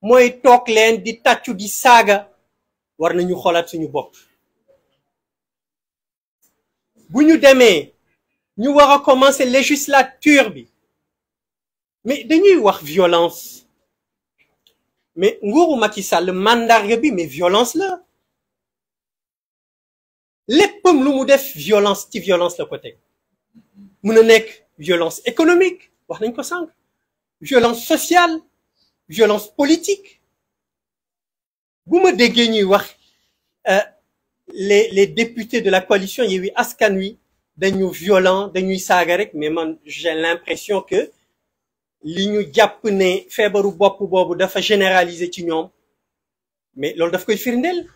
mooy toog leen di tàccu di saaga war nañu xoolaat suñu bopp bu ñu demee ñu war a commencer législature bi mais dañuy wax violence mais nguuru Macky Sall mandarga bi mais violence la léppam lu mu def violence ci violence la ko teg mun a nekk violence économique wax nañ ko sànq violence sociale violence politique bu ma déggee ñuy wax euh, les les députés de la coalition Yewwi Askan Wi dañu violent dañuy saaga rek mais man j'ai l'impression que li ñu jàpp ne feebaru bopp boobu dafa généraliser ci ñoom mais loolu daf koy firndeel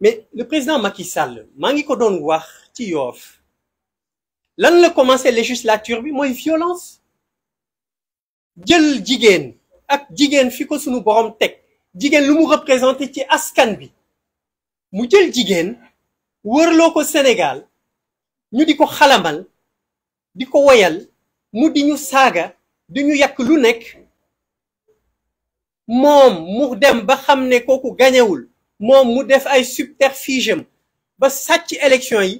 mais le président Macky Sall maa ngi ko doon wax ci yoof lan la commencé législature bi mooy violence jël jigéen ak jigéen fi ko sunu borom teg jigéen lu mu représenté ci askan bi mu jël jigéen wërloo ko Sénégal ñu di ko xalamal di ko woyal mu di ñu saaga di ñu yàq lu nekk moom mu dem ba xam ne kooku gañewul moom mu def ay subterfuge am ba sàcc élection yi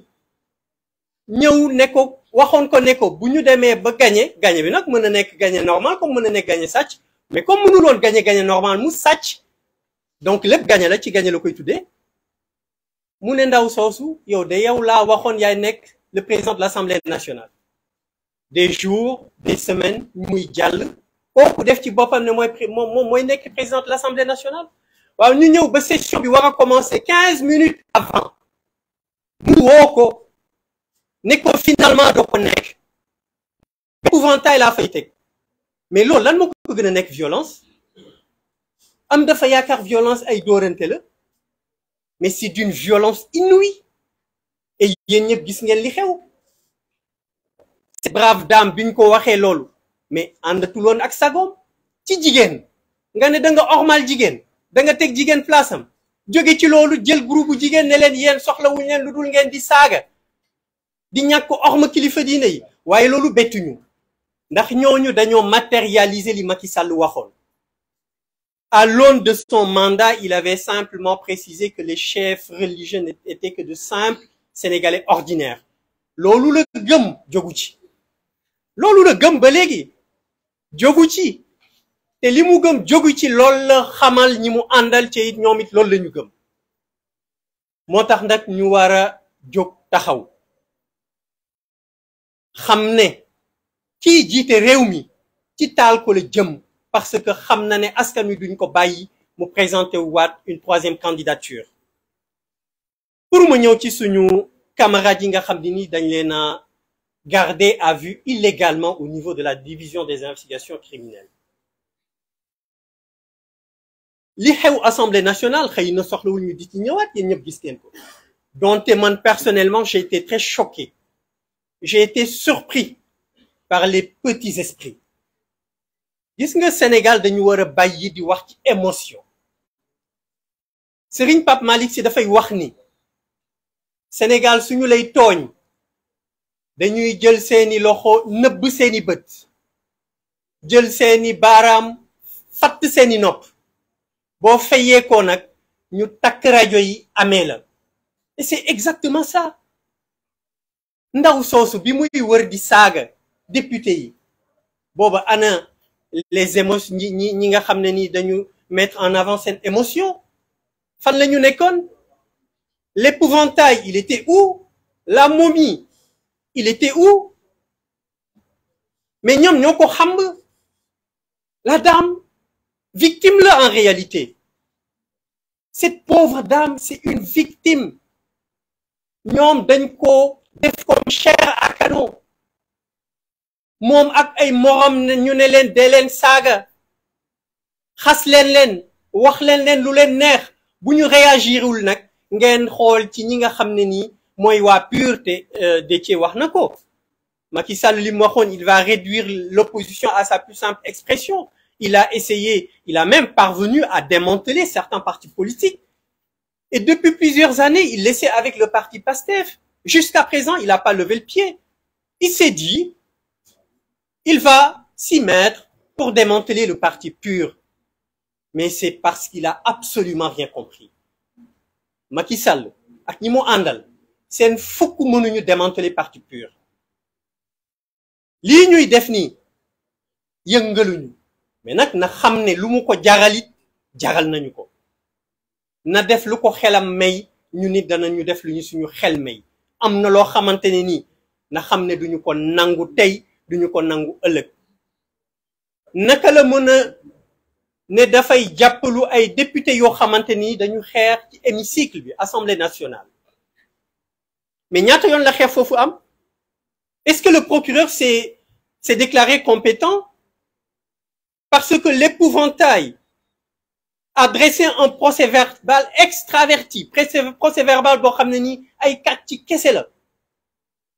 ñëw ne ko waxoon ko ne bu ñu demee ba gagné gagné bi nag mën na nekk gagné normal comme mën a nekk gagné sàcc mais comme mënuloon gagné gagné normal mu sàcc donc lépp gagné la ci gagné la koy tuddee mu ne ndaw soosu yow de yow laa waxoon yaay nekk le président de l'Assemblée nationale des jours des semaines muy jàll kooku def ci boppam ne mooy moom mooy nekk président de l'Assemblée nationale waaw ñu ñëw ba session bi war a commencer quinze minutes avant ñu woo ko ne ko finalement doo ko nekk épouvantail laa fay teg mais loolu lan ma ko gën a nekk violence am dafa yaakaar violence ay dóorante la mais c'est d'une violence inouïe et yéen ñëpp gis ngeen li xew cette brave dame bi ko waxee loolu mais àndatul woon ak sagoom ci jigéen nga ne da nga ormal jigéen da nga teg jigéen place am ci loolu jël groupe jigéen ne leen soxla soxlawuñ leen lu dul ngeen di saaga di ñàkk orma kilifa diine yi waaye loolu bettuñu ndax ñooñu dañoo matérialiser li Macky Sall waxoon à l'aune de son mandat il avait simplement précisé que les chefs religieux n'étaient que de simples sénégalais ordinaires loolu la gëm jógu ci loolu la gëm ba léegi jógu ci te li mu gëm jógu ci lool la xamal ñi mu àndal ci it ñoom loolu la ñu gëm moo tax nag ñu war a jóg taxaw xam ne kii jiite réew mi ci taal ko la jëm parce que xam na ne askan wi duñ ko bàyyi mu présenté waat une troisième candidature pour mu ñëw ci suñu camarades yi nga xam ni nii dañ leen a garder à vue illégalement au niveau de la division des investigations criminelles li xew assemblée nationale xëy na soxlawul ñu di ci ñëwaat yéen ñëpp gis ngeen ko donte man personnellement j'ai été très choqué j'ai été surpris par les petits esprits gis nga Sénégal dañu war a bàyyi di wax ci émotion Serigne Pape Malick si dafay wax ni Sénégal suñu lay tooñ dañuy jël seeni loxo nëbb seeni bët jël seeni baaraam fatt seeni nopp boo fayeekoo nag ñu takk rajo yi amee la et c'est exactement ça ndaw soosu bi muy wër di saaga député yi booba ana les émotions ñi ñi ñi nga xam ne ni dañu mettre en avant seen émotion fan la ñu nekkoon l'épouvantail il était où la momie il était où mais ñoom ñoo ko xamb la dame victime là en réalité cette pauvre dame c'est une victime ñoom dañ ko def comme chair à moom ak ay morom ñu ne leen de leen saaga xas leen leen wax leen leen lu leen neex bu ñu réagirul nag ngeen xool ci ñi nga xam ne nii mooy waa pureté euh, Déthié wax na ko ki Sall li mu waxoon il va réduire l'opposition à sa plus simple expression Il a essayé, il a même parvenu à démanteler certains partis politiques. Et depuis plusieurs années, il laissait avec le parti PASTEF. Jusqu'à présent, il n'a pas levé le pied. Il s'est dit, il va s'y mettre pour démanteler le parti pur. Mais c'est parce qu'il a absolument rien compris. Macky Sall ak ñi mu àndal seen fukk mënuñu démanteler parti pur li ñuy def nii yëngaluñu mais nag na xam ne lu mu ko jaralit jaral nañu ko na def lu ko xelam may ñu nit ñu def lu ñu suñu xel may am na loo xamante ne nii na xam ne duñu ko nangu tey du ñu ko nangu ëllëg naka la mën a ne dafay jàppalu ay député yoo xamante ni dañu xeex ci hémicycle bi assemblée nationale mais ñaata yoon la xeex foofu am est-ce que le procureur s'est s'est déclaré compétent parce que l'épouvantail a dressé un procès verbal extraverti procès verbal boo xam ne nii ay kat ci kese la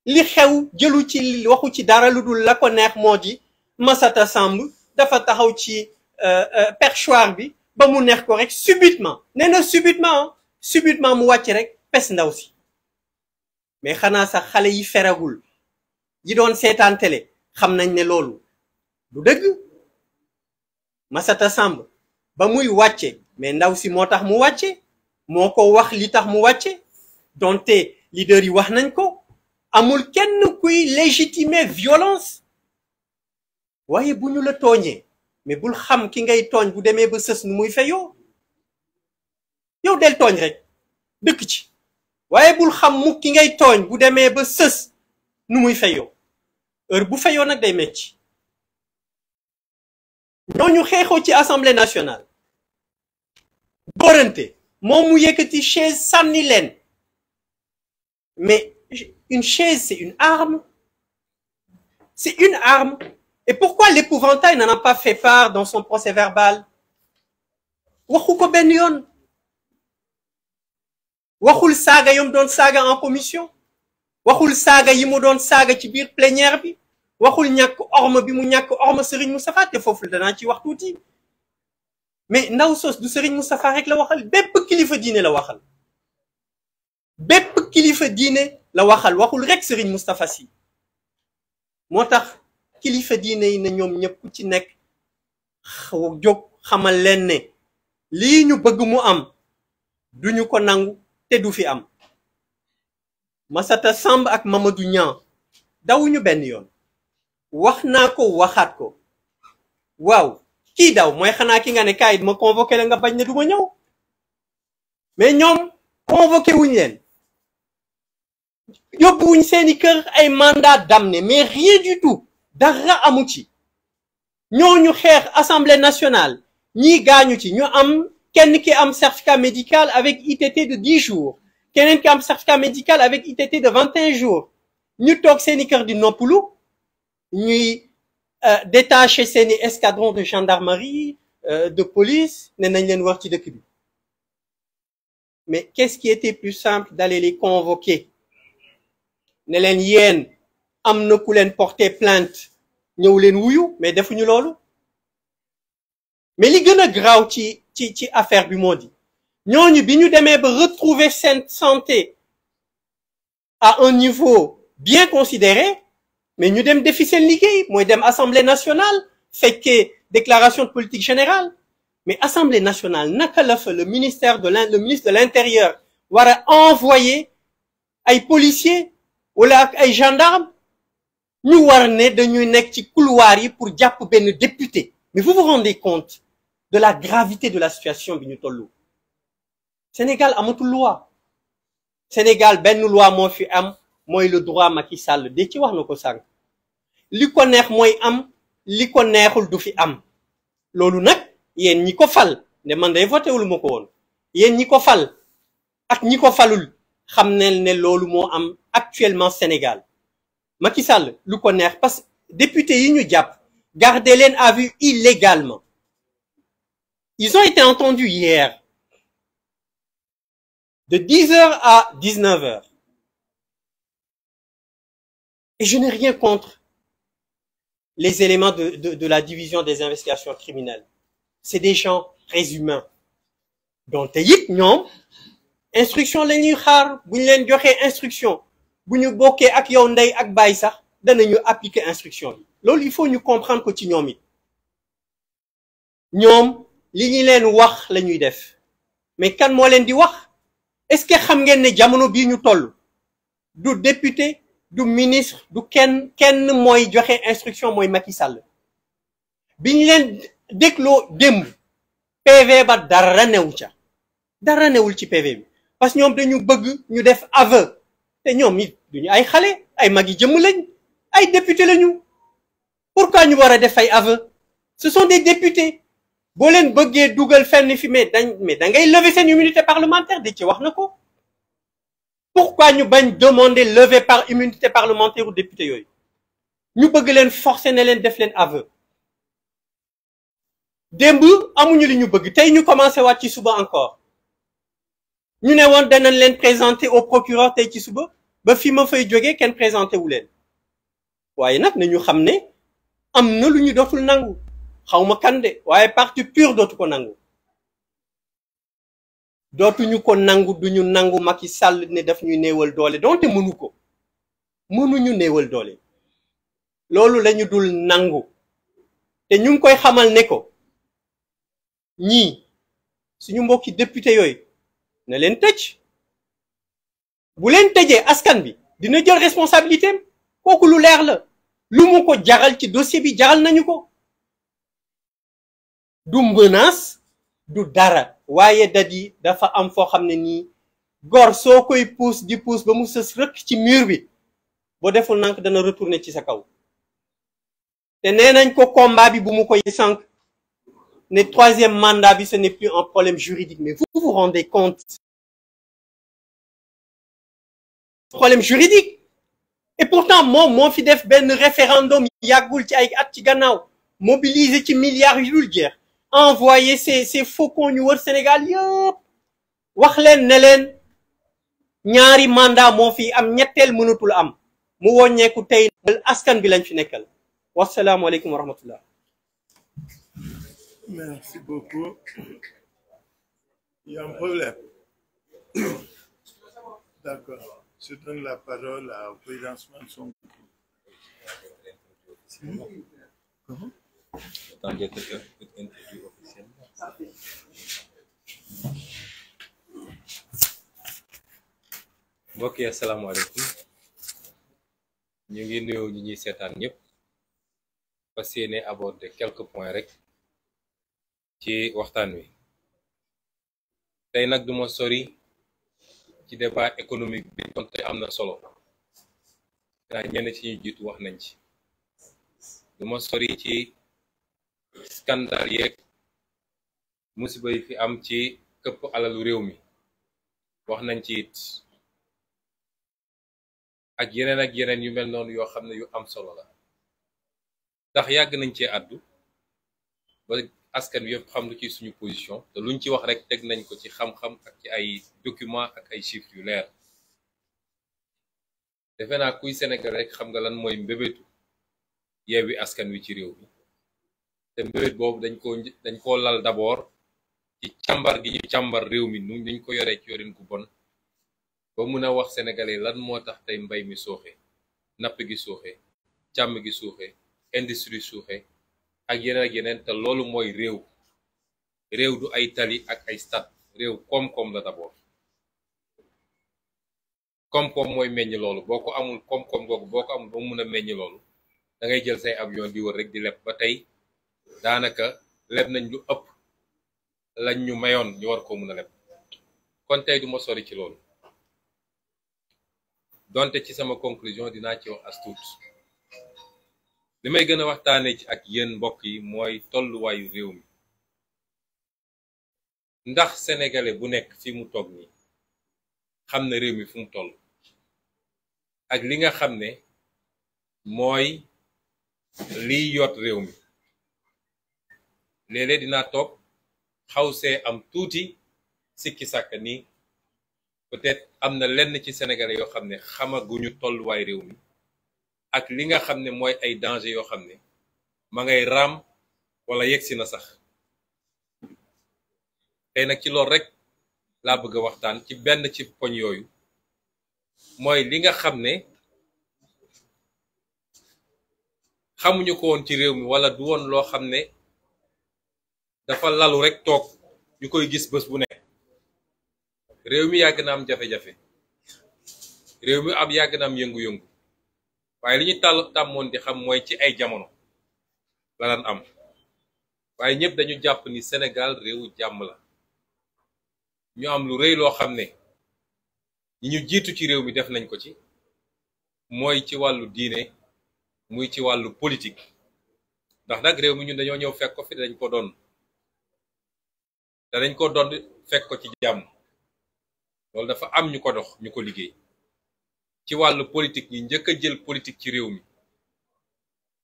li xew jëlu ci waxu ci dara lu dul lako neex moo ji Massata Samb dafa taxaw ci euh, euh, perchoir bi ba mu neex ko rek subitement nee na subitement subitement mu wàcc rek pes ndaw si mais xanaa sax xale yi feragul yi doon seetaan télé xam nañ ne loolu du dëgg Massata Samb ba muy wàcce mais ndaw si moo tax mu wàcce moo ko wax li tax mu wàcce donte leader yi wax nañ ko amul kenn kuy légitimer violence waaye bu ñu la tooñee mais bul xam ki ngay tooñ bu demee ba sës nu muy feyoo yow del tooñ rek dëkk ci waaye bul xam mukk ki ngay tooñ bu demee ba sës nu muy feyoo heure bu feyoo nag day metti non ñooñu xeexoo ci assemblée nationale góorante moom mu yëkkati chaise sànni leen mais une chaise c'est une arme c'est une arme et pourquoi l'épouvantail n'en a pas fait part dans son procès verbal waxu ko benn yoon waxul saaga yom doon saaga en commission waxul saaga yi mu doon saaga ci biir plénière bi waxul ñàkk orma bi mu ñàkk orma sëriñ Moustapha te foofu danaa ci wax tuuti mais ndaw sos du Serigne Moustapha rek la waxal bépp kilifa diine la waxal bépp kilifa diine la waxal waxul rek Serigne Moustapha si moo tax kilifa diine yi ne ñoom ñëpp ku ci nekk jog xamal leen ne lii ñu bëgg mu am duñu ko nangu te du fi am Massata Samb ak Mamadou Niang dawuñu benn yoon wax naa ko waxaat ko waaw kii daw mooy xanaa ki nga ne kaay ma convoqué la nga bañ ne du ma mais ñoom convoqué wuñ leen yóbbu wuñ seeni kër ay mandat d'amener mais rien du tout dara amu ci ñu xeex assemblée nationale ñii gaañu ci ñu am kenn ki am certificat médical avec ITT de dix jours keneen ki am certificat médical avec ITT de vingt et un jours ñu toog seeni kër di noppalu ñuy euh, détaché seeni escadron de gendarmerie euh, de police ne nañ leen war ci dëkk bi mais qu'est-ce qui était plus simple d'aller les convoquer ne leen yéen am na ku leen porter plainte ñëw leen wuyu mais defuñu loolu mais li gën a graaw ci ci ci affaire bi moo di ñooñu bi ñu demee ba retrouver seen santé à un niveau bien considéré mais ñu dem defi seen liggéey mooy dem assemblée nationale fekkee déclaration de politique générale mais assemblée nationale naka la fa le ministère de le ministre de l'intérieur war a envoyer ay policiers wala ak ay gendarmes ñu war ne dañuy nekk ci couloir yi pour jàpp benn député mais vous vous rendez compte de la gravité de la situation bi ñu tollu Sénégal amatul loi Sénégal benn loi moo fi am mooy le droit Macky Sall de ci wax na ko sànq li ko neex mooy am li ko neexul du fi am loolu nag yéen ñi ko fal ne man day voté wul ma ko woon yéen ñi ko fal ak ñi ko falul xam ne ne loolu moo am actuellement Sénégal Macky Sall lu ko neex parce que député yi ñu jàpp garder leen à vue illégalement ils ont été entendus hier de 10 heures à 19 heures Et je n'ai rien contre les éléments de, de, la division des investigations criminelles. C'est des gens résumés. donc te it ñoom instruction la ñuy xaar bu ñu leen joxee instruction bu ñu bokkee ak yow ndey ak baay sax danañu appliquer instruction bi loolu il faut ñu comprendre ko ci ñoom it ñoom li ñu leen wax la ñuy def mais kan moo leen di wax est-ce que xam ngeen ne jamono bii ñu toll du député du ministre du kenn kenn mooy joxe instruction mooy Macky Sall bi ñu leen dégloo démb PV ba dara newu ca dara newul ci PV bi parce que ñoom dañu bëgg ñu def aveu te ñoom it duñu ay xale ay mag yi jëmm lañ ay député lañu pourquoi ñu war a def ay aveu ce sont des députés boo leen bëggee dugal fenn fi mais dañ mais da ngay lever seen immunité parlementaire de ce wax na ko pourquoi ñu bañ demander levée par immunité parlementaire ou député yooyu ñu bëgg leen forcer ne leen def leen aveu démb amuñu li ñu bëgg tey ñu commencé waat ci suba encore ñu ne woon danañ leen présenter au procureur tey ci suba ba fi ma fay jógee kenn présenté wu leen waaye nag nañu xam ne am na lu ñu dootul nangu xaw ma kande waaye parti pur dootu ko nangu dootuñu ko nangu ñu nangu Macky Sall ne def ñu néewal doole donte mënu ko mënuñu néewal doole loolu lañu dul nangu te ñu ngi koy xamal ne ko ñii suñu mbokki député yooyu na leen tëj bu leen tëjee askan bi dina jël responsabilité am kooku lu leer la lu mu ko jaral ci dossier bi jaral nañu ko du menace du dara waaye dat yi dafa am foo xam ne nii gor soo koy puus di puus ba mu sës rëkk ci mur bi boo deful nank dana retourner ci sa kaw te nee nañ ko combat bi bu mu koy sànq ne troisième mandat bi ce n'est plus un problème juridique mais vous vous compte problème juridique et pourtant moom moo fi def benn référendum yàggul ci ay at ci gannaaw mobiliser ci milliards yu dul jeex envoyé ces ces faucons ñu wër Sénégal yëpp wax leen ne leen ñaari mandat moo fi am ñetteel mënatul am mu wàññeeku tey askan bi lañ fi nekkal wasalaamualeykum wa rahmatullah merci beaucoup il Attends, il y mbokk yi ñu ngi nuyu ñi ñuy seetaan ñëpp fas yéene aborder quelques points rek ci waxtaan wi tey nag duma sori ci débat économique bi kon tey am na solo daa ñenn ci ñu jiitu wax nañ ci duma sori ci scandale yeeg musiba yi fi am ci këpp alalu réew mi wax nañ ci it ak yeneen ak yeneen yu mel noonu yoo xam ne yu am solo la ndax yàgg nañ cee àddu ba askan wi yëpp xam lu ci suñu position te luñ ci wax rek teg nañ ko ci xam-xam ak ci ay document ak ay chiffres yu leer defe naa kuy Sénégal rek xam nga lan mooy mbébétu yeewi askan wi ci réew mi te mbébét boobu dañ ko dañ koo lal d'abord ci càmbar gi ñu càmbar réew mi nu dañ ko yoree ci yorin gu bon ba mun a wax sénégalais lan moo tax tey mbay mi suuxee napp gi suuxee càmm gi suuxee industrie suuxee ak yeneen ak yeneen te loolu mooy réew réew du ay tali ak ay stade réew koom-koom la d'abord koom-koom mooy meññ loolu boo ko amul koom-koom boo ko amul ba mun a meññ loolu da jël say avion di wër rek di leb ba tey daanaka leb nañ lu ëpp lañ ñu mayoon ñu war koo mun a leb kon tey du ma sori ci loolu donte ci sama conclusion dinaa ci wax as tuut li may gën a waxtaanee ci ak yenn mbokk yi mooy tolluwaayu réew mi ndax sénégalais bu nekk ci mu toog nii xam na réew mi fum mu toll ak li nga xam ne mooy liy yot réew mi léeg dina toog xaw se am tuuti sikki sàkk ni peut-être am na lenn ci sénégalais yoo xam ne xamaguñu tolluwaay réew mi ak li nga xam ne mooy ay danger yoo xam ne ma ngay raam wala yegsi na sax tey na ci loolu rek laa bëgg a waxtaan ci benn ci poñ yooyu mooy li nga xam ne xamuñu ko woon ci réew mi wala du woon loo xam ne dafa lalu rek toog ñu koy gis bës bu nekk réew mi yàgg na am jafe-jafe réew mi am yàgg na am yëngu-yëngu waaye li ñu tàll tàmmoon di xam mooy ci ay jamono la am waaye ñëpp dañu jàpp ni Sénégal réewu jàmm la ñu am lu rëy loo xam ne ñu jiitu ci réew mi def nañ ko ci mooy ci wàllu diine muy ci wàllu politique ndax nag réew mi ñun dañoo ñëw fekk ko fi dañ ko doon danañ ko dodd fekk ko ci jàmm loolu dafa am ñu ko dox ñu ko liggéey ci wàll politique ñi njëkk a jël politique ci réew mi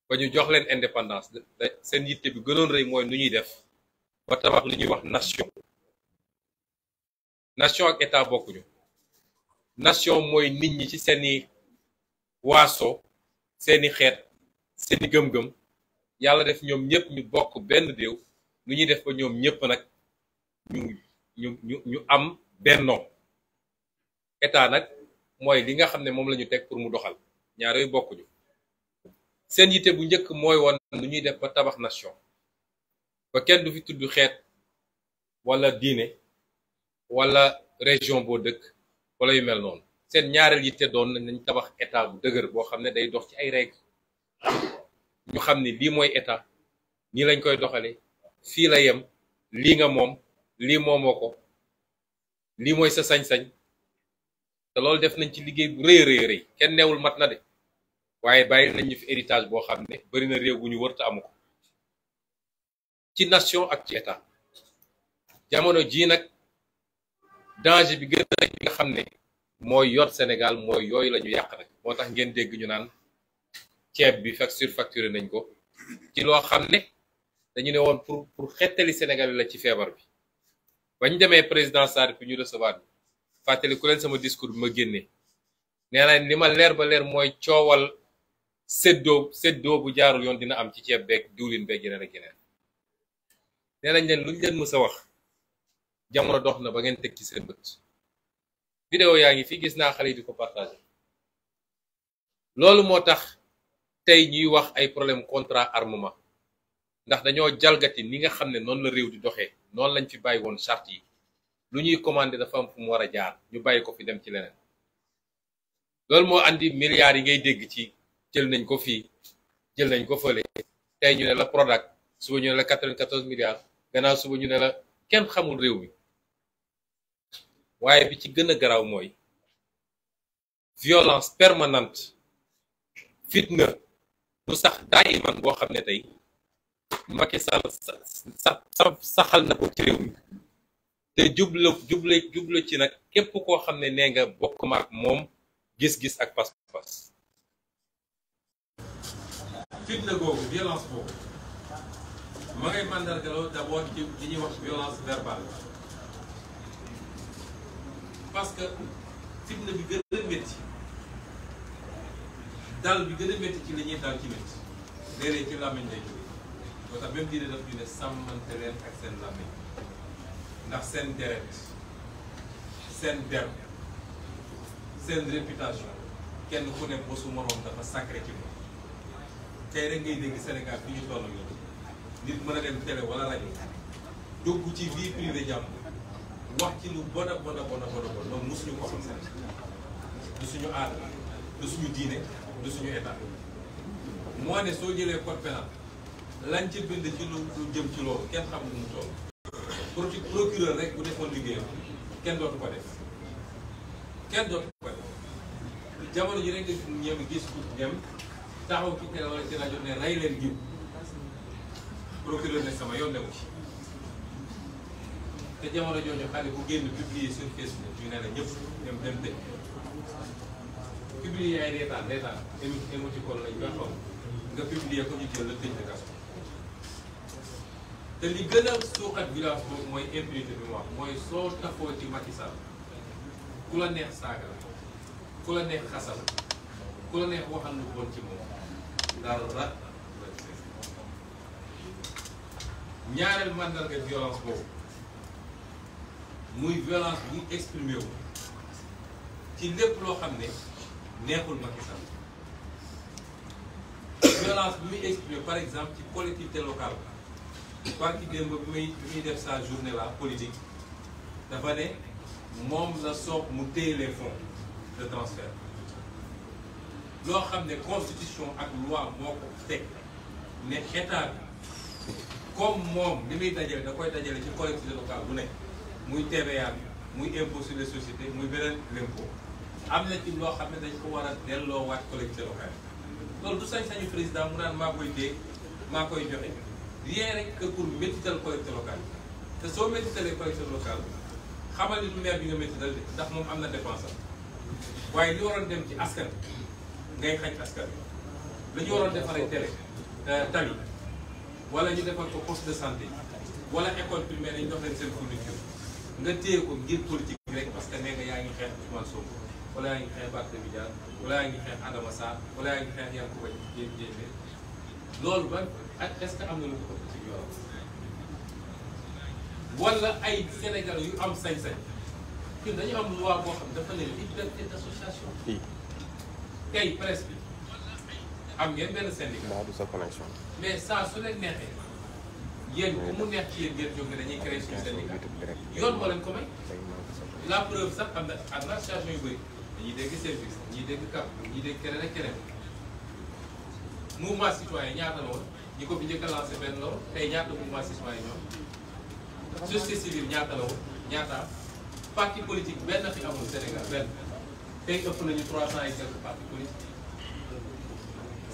ba ñu jox leen indépendance seen yitte bi gënoon rey mooy nu ñuy def ba tabax li ñuy wax nation nation ak état bokkuñu nation mooy nit ñi ci seeni waaso seeni xeet seeni gëm-gëm yàlla def ñoom ñëpp ñu bokk benn réew nu ñuy def ba ñoom ñëpp nag ñu am bennoo état nag mooy li nga xam ne moom lañu teg pour mu doxal ñaar yooyu bokkuñu seen yitte bu njëkk mooy woon lu ñuy def ba tabax nation ba kenn du fi tudd xeet wala diine wala région boo dëkk wala yu mel noonu seen ñaareel yitte doon nañ tabax état bu dëgër boo xam ne day dox ci ay règles ñu xam ne lii mooy état nii lañ koy doxale fii la yem lii nga moom lii moomoo ko lii mooy sa sañ-sañ te loolu def nañ ci liggéey bu rëy rëy rëy kenn neewul mat na de waaye bàyyi nañ ñu fi héritage boo xam ne bari na réew gu ñu wërta amu ko ci nation ak ci état jamono jii nag danger bi gën a nga xam ne mooy yor Sénégal mooy yooyu la yàq nag moo tax ngeen dégg ñu naan ceeb bi fekk surfacturé nañ ko ci loo xam ne dañu ne woon pour pour xettali Sénégal la ci feebar bi bañ demee président Sarr fi ñu recevoir fàttali ku leen sama discours bi ma génnee nee na li ma leer ba leer mooy coowal séddoo séddoo bu jaarul yoon dina am ci ceeb beeg diwlin beeg yeneen ak geneen nee nañ leen luñ leen wax jamono dox na ba ngeen teg ci seen bët vidéo yaa ngi fi gis naa xale yi di ko partagé loolu moo tax tey ñuy wax ay problème contrat armement ndax dañoo jalgati ni nga xam ne noonu la réew di doxee noonu lañ fi bàyyi woon charte yi lu ñuy commandé dafa am fu mu war a jaar ñu bàyyi ko fi dem ci leneen loolu moo indi milliards yi ngay dégg ci jël nañ ko fii jël nañ ko fële tey ñu ne la Prodac suba ñu ne la 94 milliards gannaaw suba ñu ne la kenn xamul réew mi waaye bi ci gën garaw mooy violence permanente fitna bu sax daayiman boo xam ne tey Macky Sall saxal na ko te jubla jubla jubla ci nag képp koo xam ne nee nga bokk ma moom gis-gis ak ngay màndargaloo d'abord ci li ñuy wax violence verbale parce que fitna bi gën a métti dal bi gën a ci li ñuy ci nit léeg ci làmmiñ lay moo tax même diine daf ñu ne sàmmante ak seen làmmiñ ndax seen deret seen der seen réputation kenn ku ne bosu moroom dafa sacré ci moom tey rek ngay dégg Sénégal fi ñu toll nii nit mën a dem télé wala rajo dugg ci vie privée jàmm wax ci lu bon a bon a bon a bon a bon ko xam Sénégal du suñu aada du suñu diine du suñu état moo ne soo jëlee code lañ ci bind ci jëm ci loolu kenn xam lu mu toll pro procureur rek bu defoon liggéeyam kenn dootu ko def kenn dootu ko def jamono ji rek ñem gis ku procureur ne sama yoon newu ci te jamono jooju xale bu génn publier sur Facebook ñu ne la ñëpp dem dem ko ñu jël la tëj la kaso te li gën a suuxat village boobu mooy impunité bi mu wax mooy soo tafoo ci Macky ku la neex saaga la ku la neex xasal ku la neex waxal lu bon ci moom dara ñaareel màndarga violence boobu muy violence bu exprimé wu ci lépp loo xam ne neexul Macky Sall bu muy exprimé par exemple ci collectivité locale barki démb bi muy bi muy def sa journée la politique dafa ne moom la soog mu téye les fonds de transfert loo xam ne constitution ak loi moo ko teg ne état comme moom li muy dajale da koy dajale ci collectivité locale bu nekk muy TVA bi muy impôt sur les sociétés muy beneen l'impôt am na ci loo xam ne dañ ko war a delloowaat collectivité locale loolu du sañ-sañu président mu naan maa koy téye maa koy joxe rien rek que pour métital collectivité locale te soo métitalee collectivité locale xamal ni maire bi nga métital de ndax moom am na dépense waaye li waroon dem ci askan ngay xaj askan bi la ñu waroon defaree télé euh, tali walla ñu defar ko poste de santé wala ecole primaire ñu jox leen seen fourniture nga téye ko ngir politique rek parce que nee yaa ngi xeex Ousmane Sonko wala yaa ngi xeex Barthélémy Dias wala yaa ngi xeex Adama Sarr wala yaa ngi xeex ak ah, est-ce que am na lu ko ëpp ci violence wala ay Sénégal yu am sañ-sañ ñun dañu am loi boo xam dafa ne liberté d'association. tey presse bi am ngeen benn syndicat. waaw du sa mais saa su leen neexee. yéen bu mu neex ci yéen ngeen jóg ne dañuy créer suñu syndicat yoon moo leen ko may. la preuve sax am na administration yu bëri dañuy dégg service dañuy dégg kàpp dañuy dégg keneen ak keneen mouvement citoyen ñaata la woon. ñi ko fi njëkk a lancé benn lool tey ñaata mouvement citoyen ñoom société civile ñaata la woon ñaata parti politique benn fi amul Sénégal benn tey ëpp nañu trois cent et quelques partis politiques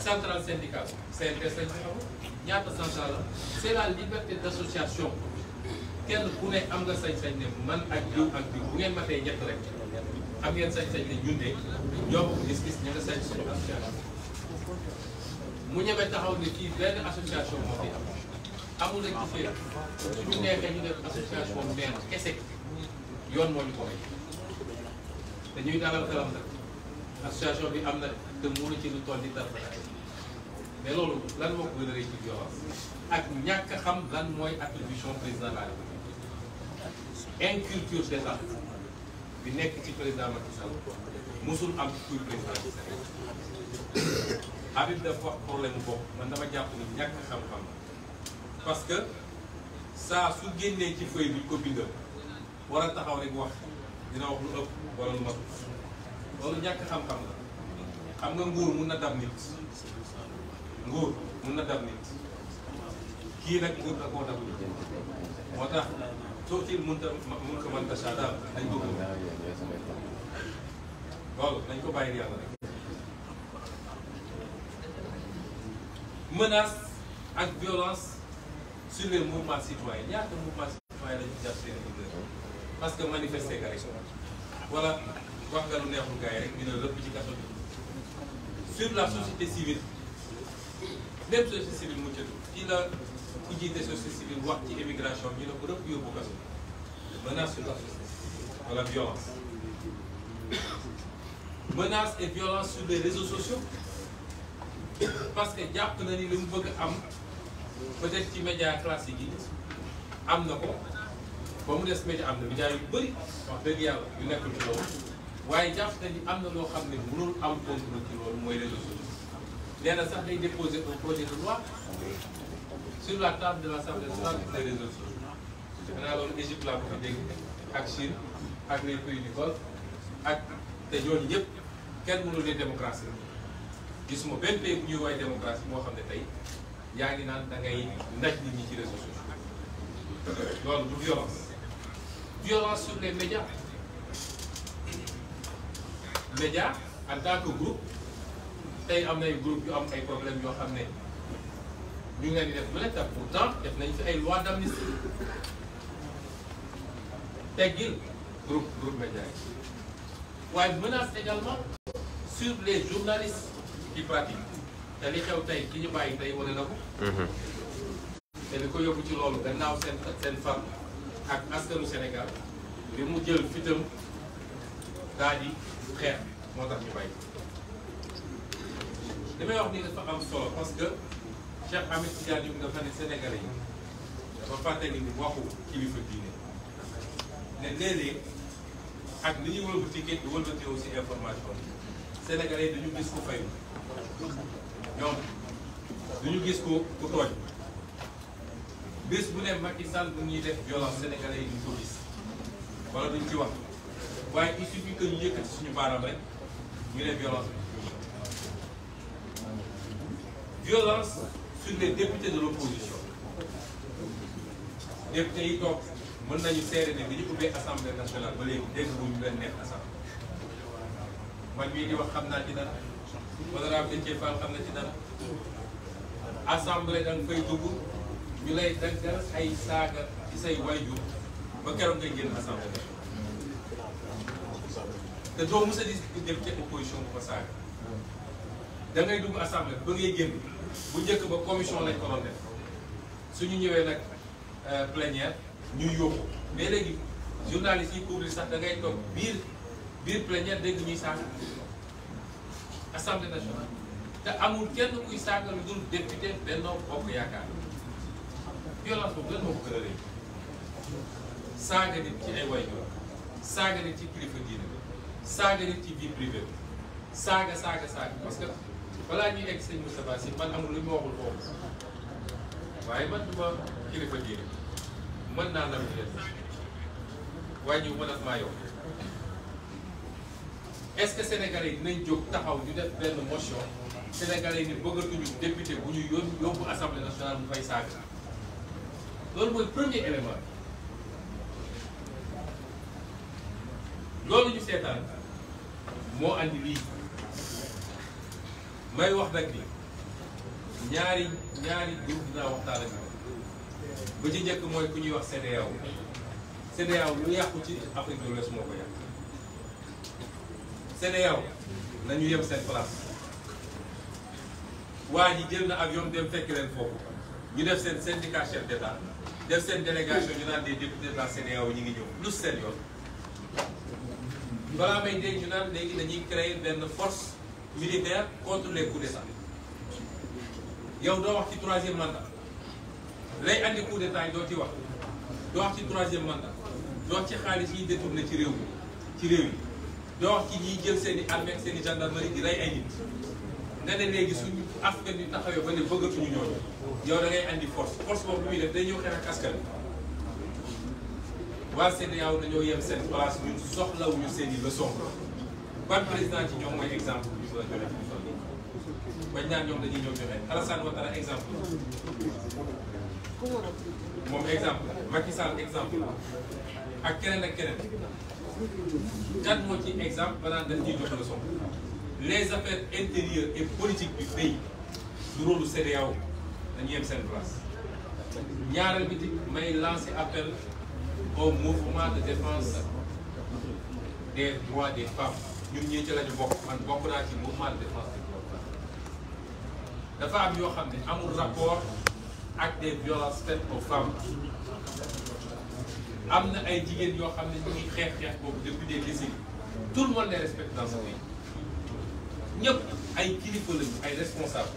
centrale syndicale CNTS lañ fi amul ñaata centrale la c'est la liberté d'association kenn ku ne am nga sañ-sañ ne man ak diw ak diw bu ngeen matee ñett rek am ngeen sañ-sañ ne ñun de ko gis-gis ñu nga sañ suñu association mu ñeme taxaw ne kii benn association moo fi am amul rek ci féer suñu neexee ñu def association maire kese yoon moo ñu ko may te ñuy dalal xelam association bi am na te mënu ci lu toll ni dara mais loolu lan moo ko gën a rëy ak ñàkk xam lan mooy attribution président de la république inculture des actes bi nekk ci président Macky Sall mosul am ci président Habib dafa wax problème mu bopp man dama jàpp ni ñàkk xam-xam la que saa su génnee ci feuille bi ko bindal war a taxaw rek wax dina wax lu ëpp wala lu matut loolu ñàkk xam-xam la xam nga nguur mun na dab nit nguur mun na dab nit kii nag nguur da koo dab nit moo tax tuutil mënta mën ko mënta daal dañ ko loolu nañ ko bàyyi rek menace ak violence sur les mouvements citoyens ñaata mouvements citoyens la ñu jàpp seen leader parce que manifester gars yi wala wax nga lu neexul gars yi rek dina lëpp ci kaso bi sur la société civile même société civile muccatu ci la ku jiite société civile wax ci immigration ñu ne ko rëpp yóbbu kaso menace sur la société civile wala violence menace et violence sur les réseaux sociaux parce que jàpp na ni li mu bëgg am peut-être ci média classique yi am na ko ba mu des média am na média yu bëri wax dëgg yàlla yu nekkul ci loolu waaye jàpp na ni am na loo xam ne mënul am contrôle ci loolu mooy réseaux sociaux nee na sax day déposer un projet de loi sur la table de l'Assemblée nationale des réseaux sociaux xanaa loolu Égypte laa ko fi dégg ak Chine ak les pays ak te ñooñu ñëpp kenn mënul di démocratie gisuma benn pays bu ñuy woowee démocratie moo xam ne tey yaa ngi naan da ngay naj nit ñi ci réseaux sociaux loolu du violence violence sur les médias médias en tant que groupe tey am na ay groupe yu am ay problèmes yoo xam ne ñu ngeen di def lu ne te pourtant def nañ fi ay loi d'amnistie teggil groupe groupe média yi waaye menace également sur les journalistes ci pratique te li xew tey ki ñu bàyyi tey wane na ko. Mhm. te li ko yóbbu ci loolu gannaaw seen seen fan ak askanu Sénégal li mu jël fitam daa di xeex moo tax ñu bàyyi. li wax nii dafa am solo parce que Cheikh Ahmed Tidiane Diouf dafa ne Sénégalais yi dafa fàtte ni waxu kilifa diine ne léeg ak ni ñuy wëlbati képp wëlbati aussi information bi yi dañu gis ko fayu. ñoom du ñu gis ko ku tooñ bés bu ne Macky Sall bu ñuy def violence sénégalais yi duñ ko gis wala duñ ci wax waaye il suffit que ñu yëkkati suñu baaraam rek ñu ne violence violence sur les députés de l'opposition députés yi toog mën nañu seere ne bi ñu ubbee assemblée nationale ba léegi dégg bu ñu leen neex assemblée man mii di wax xam naa dina honorable Déthié Fall xam na ci dara assemblée da fay dugg ñu lay daggal ay saaga ci say waajur ba keroog ngay génn assemblée te doo mos a di dem ci opposition bu ko saaga da dugg assemblée ba ngay génn bu njëkk ba commission lañ ko doon def suñu ñëwee nag euh, plénière ñu yóbbu mais léegi yi couvrir sax da ngay biir biir plénière dégg ñuy saaga assemblée nationale te amul kenn kuy saaga lu dul député Benno Bokk Yaakaar violence boobu lan moo ko gën a saaga nit ci ay waajur saaga nit ci kilifa diine saaga nit ci vie privée saaga saaga saaga parce que balaa ñuy egg sëñ Moustapha Sy man amul lu ñu waxul foofu waaye man du ma kilifa diine mën naa lam leen waaye ñëw mën ak maa yow est-ce que sénégalais yi dinañ jóg taxaw ñu def benn motion sénégalais yi ni bëggatuñu député bu ñu yóbbu yóbbu assemblée nationale mu fay saaga loolu mooy premier élément loolu ñu seetaan moo andi lii may wax nag ni ñaari ñaari groupe dinaa waxtaan ak ba ci njëkk mooy ku ñuy wax CEDEAO CEDEAO lu yàqu ci Afrique de l'Ouest moo ko yàq CEDEAO nañu yem seen place waa ji jël na avion dem fekk leen foofu ñu def seen syndicat chef d'état def seen délégation ñu naan des députés de la CEDEAO ñu ngi ñëw lu seen yoon balaa may dégg ñu naan léegi dañuy créer benn force militaire contre les coups d'état yow doo wax ci troisième mandat lay andi coup d'état yi doo ci wax doo wax ci troisième mandat doo wax ci xaalis yi détourné ci réew mi ci réew yi doo wax ci ñiy jël seen i armée seen i di rey ay nit ne léegi suñu askan wi taxawee ba ne bëggatuñu ñooñu yow da ngay andi force force boobu muy def day ñëw xeex ak askan waa CEDEAO dañoo yem seen place ñun soxlawuñu seen i leçon ban président ci ñoom mooy exemple bi a joxe bañ naan ñoom dañuy ñëw joxe Alassane Ouattara exemple moom exemple Macky Sall exemple ak keneen ak keneen. kan moo ci example balaa dañ ñuy jox leçon les affaires intérieures et politiques du pays du rôle CEDEAO dañu yem seen place ñaareel bi di may lancer appel au mouvement de défense des droits des femmes ñun ñii ci lañu bokk man bokk naa ci mouvement de défense des droits dafa am yoo xam ne amul rapport ak des violences faites aux femmes am na ay jigéen yoo xam ne ñu ngi xeex xeex boobu depuis des décennies tout le monde les respecte dans ce ñëpp ay kilifa lañu ay responsable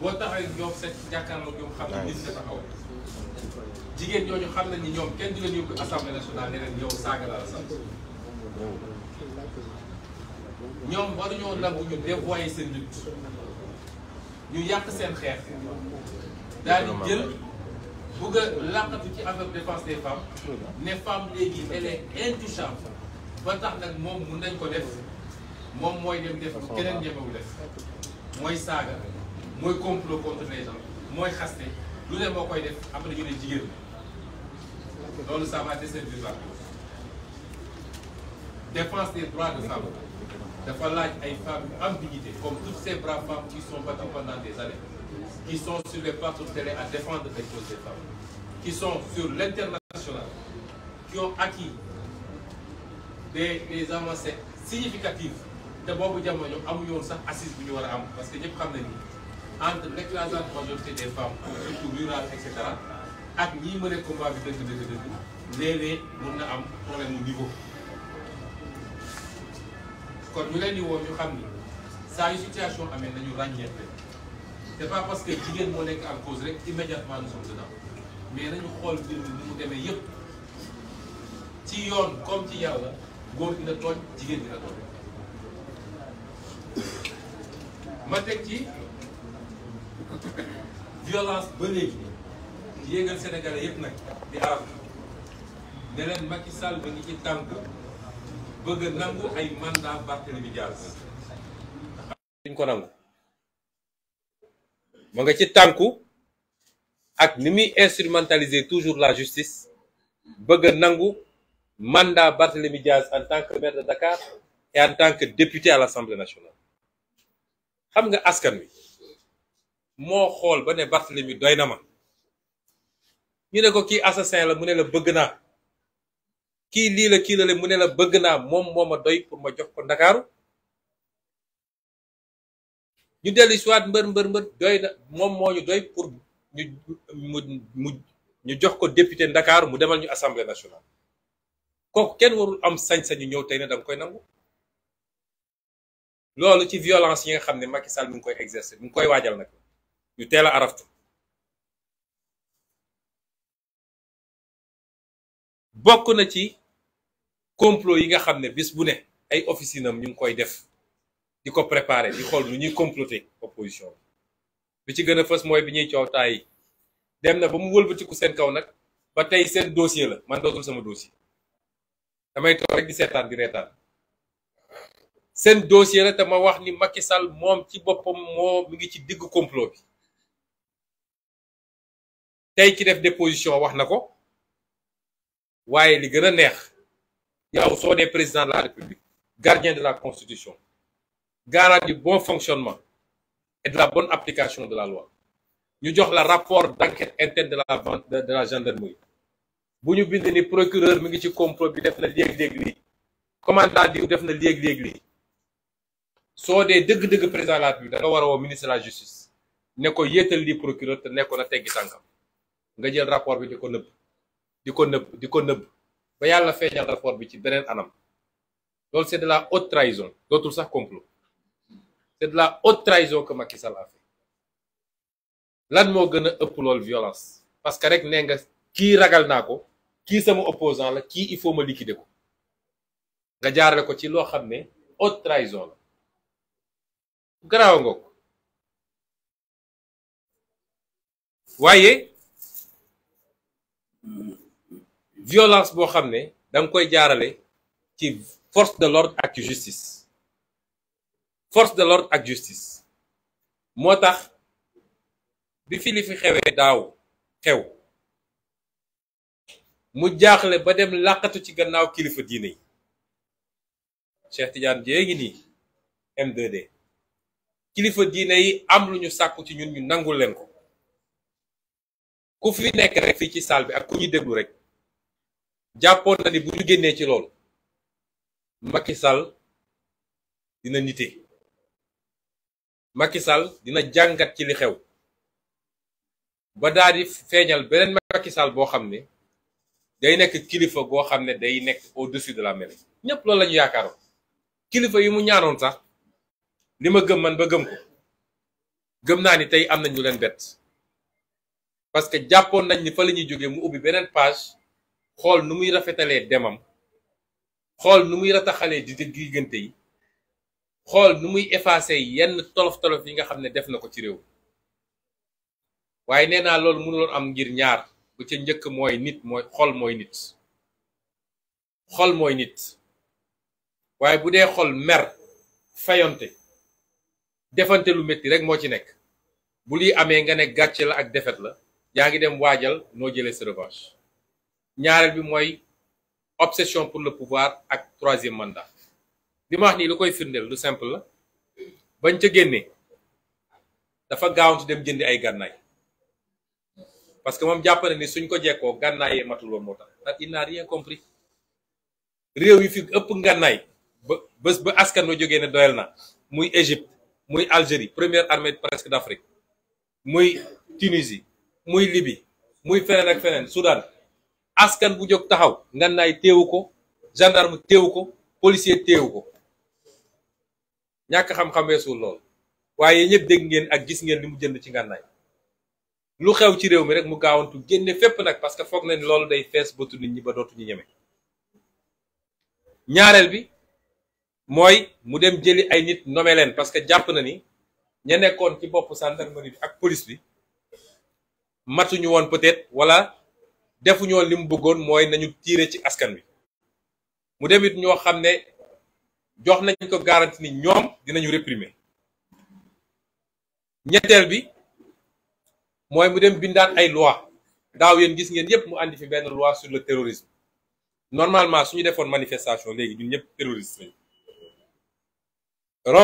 boo taxawee ñoom set jàkkaarloo ñoom xam ne gis dafa xaw jigéen ñooñu xam nañ ni ñoom kenn du leen yóbbu assemblée nationale ne leen yow saaga laa la sant ñoom waruñoo nangu ñu dévoyer seen lutte ñu yàq seen xeex daal di jël bëgg a làqatu ci affaire défense des femmes ne femme léegi elle est intouchable ba tax nag moom mun nañ ko def moom mooy dem def lu keneen ñemewu def mooy saaga mooy complot contre les gens mooy xaste lu ne moo koy def après ñu ne jigéen loolu ça va desservir la défense des droits de femme dafa laaj ay femmes ambiguïté comme toutes ces braves femmes qui sont battues pendant des années qui sont sur les plateaux télé à défendre les causes des femmes, qui sont sur l'international, qui ont acquis des, te boobu jamono ñoom yoon sax assise bu ñu war a am parce que ñëpp xam nañu entre l'écrasante majorité des femmes surtout rurales et cetera ak ñiy mën a combat bi dëgg dëgg dëgg léeg mun na am problème mu niveau. kon ñu leen di woo ñu xam ni saa yu situation amee nañu ràññeeku. c'est pas parce que jigéen moo nekk en cause rek immédiatement nous sommes dedans mais nañu xool mbir mi ni mu demee yëpp ci yoon comme ci yàlla góor dina tooñ jigéen dina tooñ ma teg ci violence ba léegi di yéegal sénégalais yëpp nag di aar ne leen Macky Sall ba ngi ci tànk bëgg nangu ay mandat Barthélémy Dias duñ ko nangu ma nga ci tànku ak ni muy instrumentaliser toujours la justice bëgg nangu mandat Barthélémy Diaz en tant que maire de Dakar et en tant que député à l'Assemblée nationale xam nga askan wi moo xool ba ne Barthélémy doy na ma ñu ne ko kii assassin la mu ne la bëgg naa kii lii la kii la le mu ne la bëgg naa moom moo ma doy pour ma jox ko Ndakaaru ñu dellu si waat mbër mbër mbër doy na moom moo ñu doy pour ñu mu mu ñu jox ko député ndakaaru mu demal ñu assemblée nationale kooku kenn warul am sañ-sañu ñëw tey na danga koy nangu loolu ci violence yi nga xam ne Macky Sall mi ngi koy exercer mu ngi koy waajal nag ñu teel a araftu bokk na ci complot yi nga xam ne bis bu ne ay officinam ñu ngi koy def di ko préparer di xool nu ñuy comploter position bi ci gën a fës mooy bi ñuy coow taay yi dem na ba mu wëlbatiku seen kaw nag ba tey seen dossier la man dootul sama dossier damay toog rek di seetaan di reetaan seen dossier la te ma wax ni Macky Sall moom ci boppam moo mi ngi ci diggu complot bi tey ci def déposition wax na ko waaye li gën a neex yow soo dee président de la république gardien de la constitution garant du bon fonctionnement et de la bonne application de la loi ñu jox la rapport d'enquête interne de la de, de la gendarmerie bu ñu bind ni procureur mi ngi ci complot bi def na léeg-léeg lii commandant diw def na léeg-léeg lii soo dee dëgg-dëgg président de la République war a woo ministre la justice ne ko yéetal li procureur te nekkoon a teggi tànkam nga jël rapport bi di ko nëbb di ko nëbb di ko nëbb ba yàlla feeñal rapport bi ci beneen anam loolu c'est de la haute trahison dootul sax complot c'est de la haute trahison que Macky Sall a fait lan moo gën a ëpp lool violence parce que rek nee nga kii ragal naa ko kii sama opposant la kii il faut ma liquider ko nga jaarale ko ci loo xam ne haute trahison la garaaw nga ko waaye violence boo xam ne da nga koy jaarale ci force de l'ordre ak justice force de l'ordre ak justice moo tax bi fi li fi xewee daaw xew mu jaaxle ba dem làqatu ci gannaaw kilifa diine yi Cheikh tijaan jéegi ngi nii m kilifa diine yi am lu ñu sàkku ci ñun ñu nangul leen ko ku fi nekk rek fii ci salle bi ak ku ñu déglu rek jàppoon na ni bu ñu génnee ci loolu Macky Sall dina nite Macky Sall dina jàngat ci li xew ba daal di feeñal beneen Macky boo xam ne day nekk kilifa goo xam ne day nekk au-dessus de la mêlée ñëpp loolu la ñu yaakaaroon kilifa yi mu ñaanoon sax li ma gëm man ba gëm ko gëm naa ni tey am nañ ñu leen bett parce que jàppoon nañ ni fa la ñuy jógee mu ubbi beneen page xool nu muy rafetalee demam xool nu muy rataxalee di diggante yi. xool nu muy effacer yenn tolof-tolof yi nga xam ne def na ko ci réew waaye nee naa loolu mënuloon am ngir ñaar bu ca njëkk mooy nit mooy xol mooy nit xol mooy nit waaye bu dee xol mer fayonte defante lu métti rek moo ci nekk bu liy amee nga ne gàcce la ak defet la yaa ngi dem waajal noo jëlee sa revanche ñaareel bi mooy obsession pour le pouvoir ak troisième mandat li ni lu koy firndeel lu simple la bañ ca génnee dafa gaawantu dem jëndi ay gànnaay parce que moom jàpp na ni suñ ko jekkoo gànnaay yee matul woon moo tax ndax il n'a rien compris réew yi fi ëpp gànnaay ba bés ba askan wa jógee ne doyal na muy Égypte muy Algérie première armée presque d'Afrique muy Tunisie muy libi muy feneen ak feneen Soudan askan bu jóg taxaw ngànnaay téewu ko gendarme téewu ko policier téewu ko ñàkk xam-xam weesuwul lool waaye ñëpp dëgg ngeen ak gis ngeen li mu jënd ci ngànnaay lu xew ci réew mi rek mu gaawantu génne fépp nag parce que foog na ni loolu day fees bëtu nit ñi ba ñu ñeme ñaareel bi mooy mu dem jëli ay nit nommé leen parce que jàpp na ni ña nekkoon ci bopp gendarmerie bi ak police bi matuñu woon peut-être wala defuñu woon li mu bëggoon mooy nañu tiire ci askan wi mu dem ñoo xam ne jox nañ ko garanti ni ñoom dinañu réprimer ñetteel bi mooy mu dem bindaat ay loi daaw yéen gis ngeen yëpp mu àndi fi benn loi sur le terrorisme normalement su defoon manifestation léegi ñun ñëpp terroriste lañu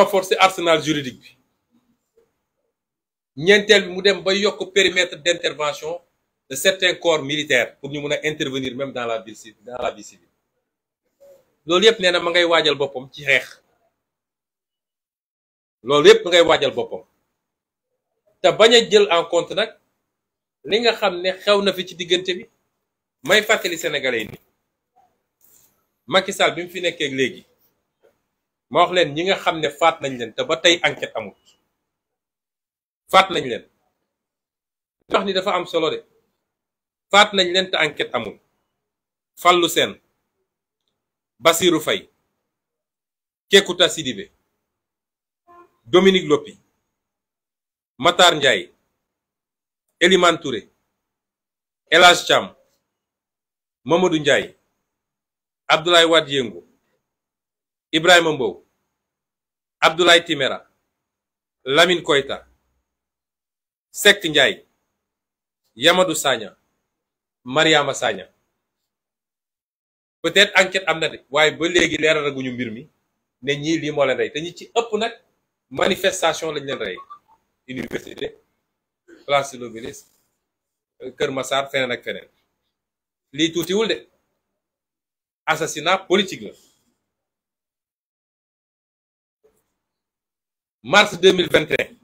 renforcer arsenal juridique bi ñeenteel bi mu dem ba yokk périmètre d'intervention de certains corps militaires pour ñu mun a intervenir même dans la vie dans loolu yëpp nee na ma ngay waajal boppam ci xeex loolu yëpp ma ngay waajal boppam te bañ a jël en compte nag li nga xam ne xew na fi ci diggante bi may fàttali sénégalais yi ni Macky bi mu fi nekkee léegi ma wax leen ñi nga xam ne faat nañ leen te ba tey enquête amul faat nañ leen wax ni dafa am solo de faat nañ leen te enquête amul fallu seen basiru fay Kékouta Sidibé Dominique Lopi Matar Ndiaye Eliman Touré Thiam Mamadou Ndiaye Abdoulaye Wade Yengo Ibrahima Mbow Abdoulaye Timera Lamine Koita Sect Ndiaye Yamadou Sagna Mariama Sagna peut-être enquête am na de waaye ba léegi ñu mbir mi ne ñii lii moo leen rey te ñi ci ëpp nag manifestation lañ leen rey université place de l'Obélisque Kër Massar feneen ak feneen lii tuutiwul de assassinat politique la mars 2021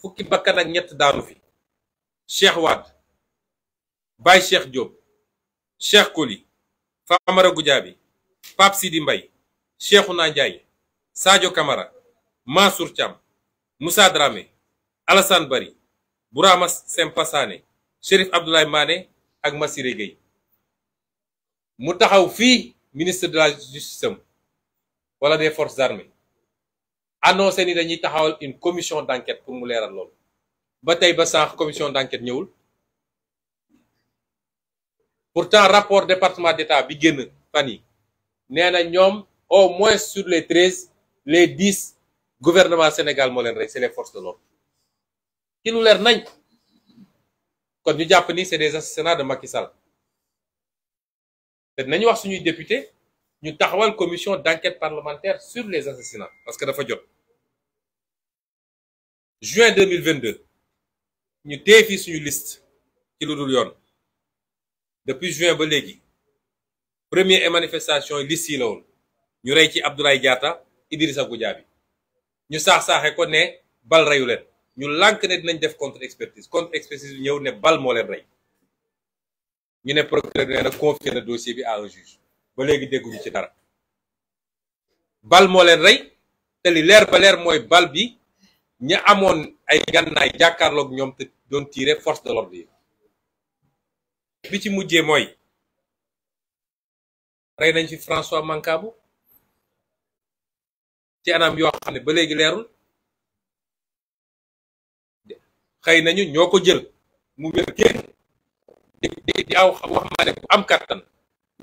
fukki bakkan ak ñett daanu fi Cheikh Wade Baye Cheikh Diop Cheikh Koli Famara Goudiaby Pape Sidi Mbaye Cheikhouna Ndiaye Sadio Camara Mansour Thiam Moussa Dramé Alassane Bari Bourama Sempa Sané Chérif Abdoulaye ak Massiré Gueye mu taxaw fii ministre de la justice am wala des forces armées annoncé ni dañuy taxawal une commission d'enquête pour mu leeral lool ba tey ba sànq commission d'enquête ñëwul pourtant rapport département d'État bi génn fan yi nee na ñoom au moins sur les treize les dix gouvernement Sénégal moo leen rey c'est les forces de l'ordre ki lu leer nañ kon ñu jàpp ni c'est des assassinats de Macky Sall te nañu wax suñuy député ñu taxawal commission d'enquête parlementaire sur les assassinats parce que dafa jot juin 2022 ñu téye suñu liste ki lu dul yoon depuis juin ba léegi premier et manifestation yi liste yi ñu rey ci Abdoulaye Diatta Idrissa Goudiaby ñu saax saaxe ko ne bal reyu leen ñu lànk ne dinañ def contre expertise contre expertise bi ñëw ne bal moo leen rey ñu ne procureur bi nee na confier na dossier bi à un juge ba léegi dégguñu ci dara bal moo leen rey te li leer ba leer mooy bal bi ña amoon ay gànnaay jàkkaarlook ñoom te doon tirer force de l'ordre yi bi ci mujjee mooy rey nañ ci François Mancabou ci anam yoo xam ne ba léegi leerul xëy nañu ñoo ko jël mu wér génn di aw wax ma ne am kàttan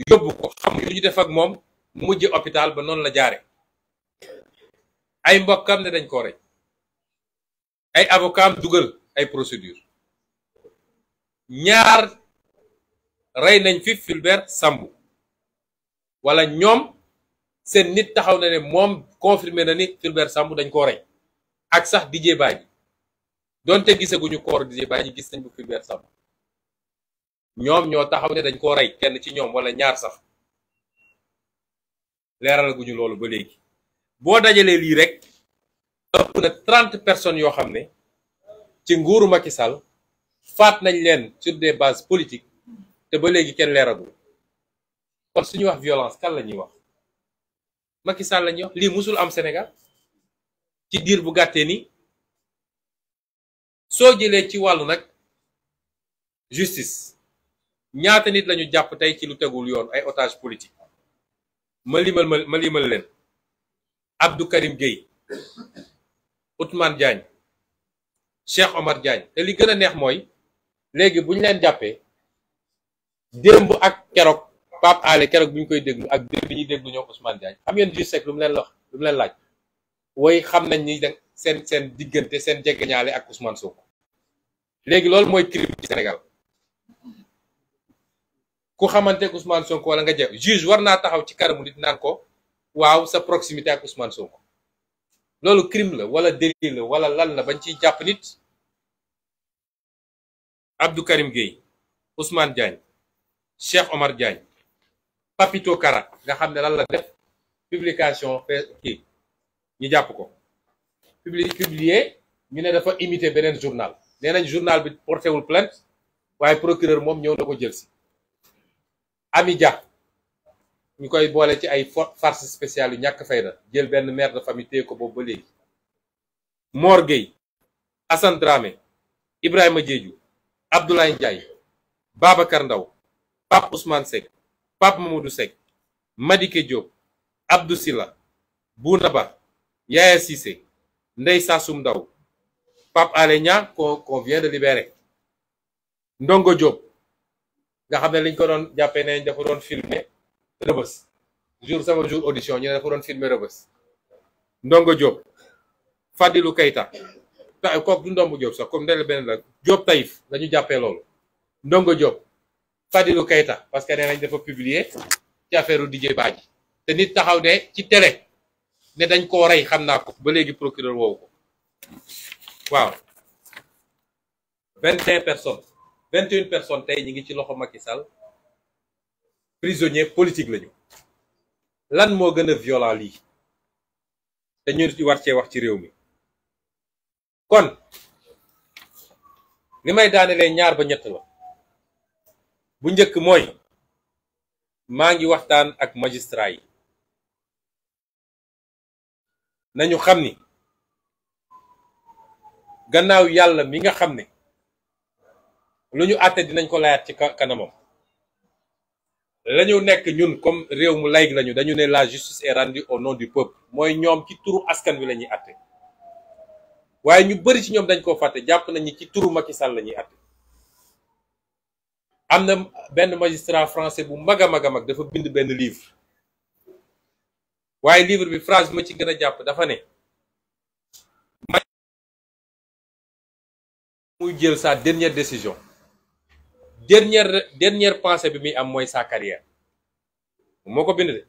yóbbu ko xam lu ñu def ak moom mujj hôpital ba noonu la jaare ay mbokkam ne dañ ko rey ay avocat am dugal ay procédure ñaar rey nañ fi Fulbert Sambou wala ñoom seen nit taxaw na ne moom confirmé na ni Fulbert Sambou dañ koo rey ak sax Didier Badji donte gisaguñu koor Didier Badji gis nañ bu Fulbert Sambou ñoom ñoo taxaw ne dañ koo rey kenn ci ñoom wala ñaar sax leeral loolu ba léegi boo dajalee lii rek ëpp na trente personnes yoo xam ne ci nguuru Macky Sall faat nañ leen sur des bases politiques ba léegi kenn leeragul kon suñu wax violence kan la ñuy wax Macky Sall la lii musul am Sénégal ci diir bu gàttee ni soo jëlee ci wàllu nag justice ñaata nit lañu jàpp tey ci lu tegul yoon ay otage politique ma limal ma leen Abdou Karim Gueye Outmane Diagne Cheikh Omar Diagne te li gën a neex mooy léegi bu ñu leen jàppee démb ak keroog Pape Alé keroog bu ñu koy déglu ak démb bi ñuy déglu ñoom Ousmane Diagne xam ngeen juge sec lu mu leen wax lu mu leen laaj woy xam nañ ni seen seen diggante seen jegeñaale ak Ousmane Sonko léegi loolu mooy crime ci Sénégal ku xamante ak Ousmane Sonko wala nga jëf juge war naa taxaw ci kanamu nit naan ko waaw sa proximité ak Ousmane Sonko loolu crime la wala délit la wala lan la bañ ciy jàpp nit Abdou Karim Gueye Ousmane Diagne Cheikh Omar Diagne Papito Kara nga xam ne lan la def publication ki ñu jàpp ko publi publier ñu ne dafa imiter beneen journal nee nañ journal bi porté wul plainte waaye procureur moom ñëw na ko jël si Ami ñu koy boole ci ay farce spéciale yu ñàkk na jël benn mer de famille téye ko boobu ba léegi Mor Gueye Assane Dramé Ibrahima Diédhiou Abdoulaye Ndiaye Babacar Ndaw Pape Ousmane Seck Pape Mamadou Seck Madické Diop Abdou Silla Bouna Ba Yaya Cissé Ndeye Sassoum Ndaw Pape Alé Niang qu'on qu'on vient de libérer Ndongo Diop nga xam ne liñ ko doon jàppee ne dafa doon filmer rëbës jour sama jour audition ñu ne doon filmer rëbës Ndongo Diop Fadilou Keita ta kook du Ndombo Diop sax comme ndel benn la Diop Taïf la ñu jàppee loolu Ndongo Diop Fadilou Keita parce que nee nañ dafa publier ci affaire Didier Badji te nit taxaw de ci télé ne dañ ko rey xam naa ko ba léegi procureur woowu ko waaw vingt et un personnes vingt et personnes tey ñi ngi ci loxo Macky Sall prisonnier politique lañu lan moo gën a lii te ñu war cee wax ci réew mi kon li may daanelee ñaar ba ñett la bu njëkk mooy maa ngi waxtaan ak magistrat yi nañu xam ni gannaaw yàlla mi nga xam ne lu ñu àtte dinañ ko layaat ci kanamam la ñu nekk ñun comme réew mu laïc lañu dañu ne la justice est rendue au nom du peuple mooy ñoom ci turu askan wi la ñuy àtte waaye ñu bëri ci ñoom dañ koo fàtte jàpp nañu ci turu Macky Sall la ñuy àtte am na benn magistrat français bu mag a mag a mag dafa bind benn livre waaye livre bi phrase bi ma ci gën a jàpp dafa ne muy jël sa dernière décision dernière dernière pensée bi muy am mooy sa carrière moo ko bind de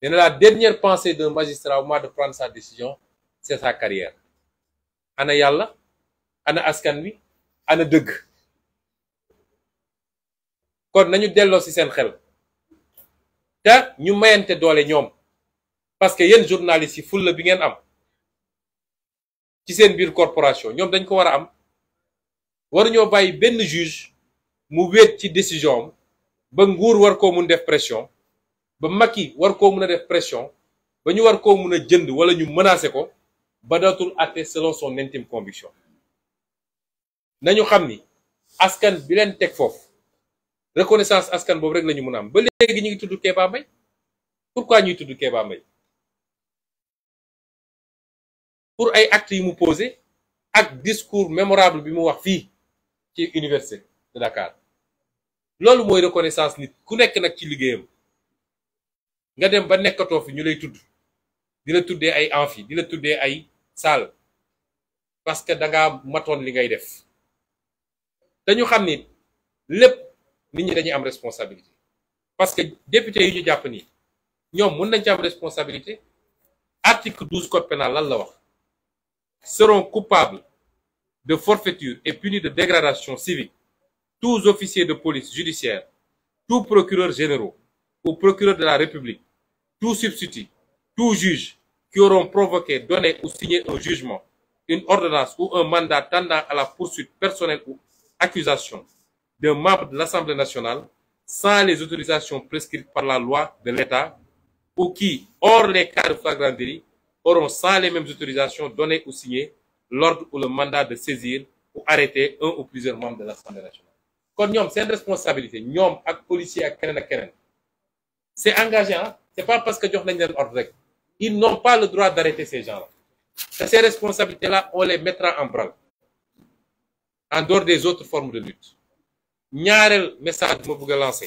nee na la dernière pensée d'un magistrat au moment de prendre sa décision c'est sa carrière ana yàlla ana askan wi ana dëgg kon nañu delloo ci seen xel te ñu mayante doole ñoom parce que yéen journalistes yi fulla bi ngeen am ci seen biir corporation ñoom dañ ko war a am waruñoo bàyyi benn juge mu wéet ci décision ba nguur war koo mun def pression ba Macky war koo mun a def pression ba ñu war ko mun a jënd wala ñu menacer ko ba dootul àtte selon son intime conviction nañu xam ni askan bi leen teg foofu reconnaissance askan boobu rek la ñu mën am ba léegi ñu ngi tudd Kéba Mbaye pourquoi ñuy tudd Kéba Mbaye pour ay actes yi mu posé ak discours mémorable bi mu wax fii ci université de Dakar loolu mooy reconnaissance nit ku nekk nag ci liggéeyam nga dem ba nekkatoo fi ñu lay tudd dina tuddee ay amphi di la tuddee ay salle parce que da ngaa matoon li ngay def dañu xam ni lépp nit ñi dañuy am responsabilité parce que député yi ñu jàpp nii ñoom mën nañ ci am responsabilité article douze code pénal lan la wax seront coupables de forfaiture et punis de dégradation civique tous officiers de police judiciaire tous procureurs généraux ou procureurs de la République tout substitut tout juge qui auront provoqué donné ou signé un jugement une ordonnance ou un mandat tendant à la poursuite personnelle ou accusation d'un membre de l'Assemblée nationale sans les autorisations prescrites par la loi de l'État ou qui, hors les cas de flagrant auront sans les mêmes autorisations données ou signées l'ordre ou le mandat de saisir ou arrêter un ou plusieurs membres de l'Assemblée nationale. kon ñoom seen responsabilité ñoom ak policier ak keneen ak keneen c'est engageant c'est pas parce que jox nañ leen ordre rek ils n'ont pas le droit d'arrêter ces gens-là te ces responsabilités-là on des autres formes de lutte ñaareel message bi ma bëgg a lancé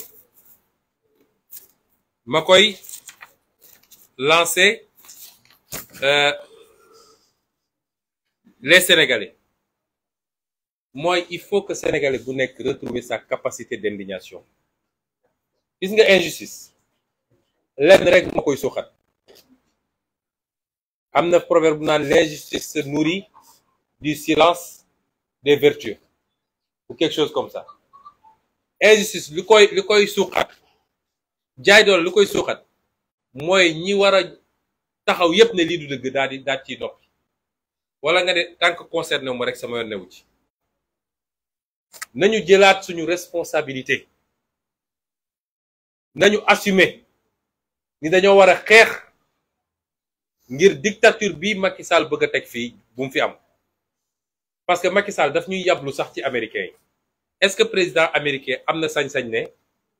ma koy lancé euh, les sénégalais mooy il faut que sénégalais bu nekk retrouver sa capacité d'indignation gis nga injustice lenn rek ma koy suuxat am na proverbe bu naan l'injustice se nourrit du silence des vertus ou quelque chose comme ça injustice li koy koy suuxat jaay doole li koy suuxat mooy ñi war a taxaw yépp ne lii du dëgg daal di daal ciy noppi wala nga ne tant que rek sama yoon newu ci nañu jëlaat suñu responsabilité nañu assume ni dañoo war a xeex ngir dictature bi Macky Sall bëgg a teg fii bu mu fi am parce que Macky Sall daf ñuy yablu sax ci américains yi est-ce que président américain am na sañ-sañ ne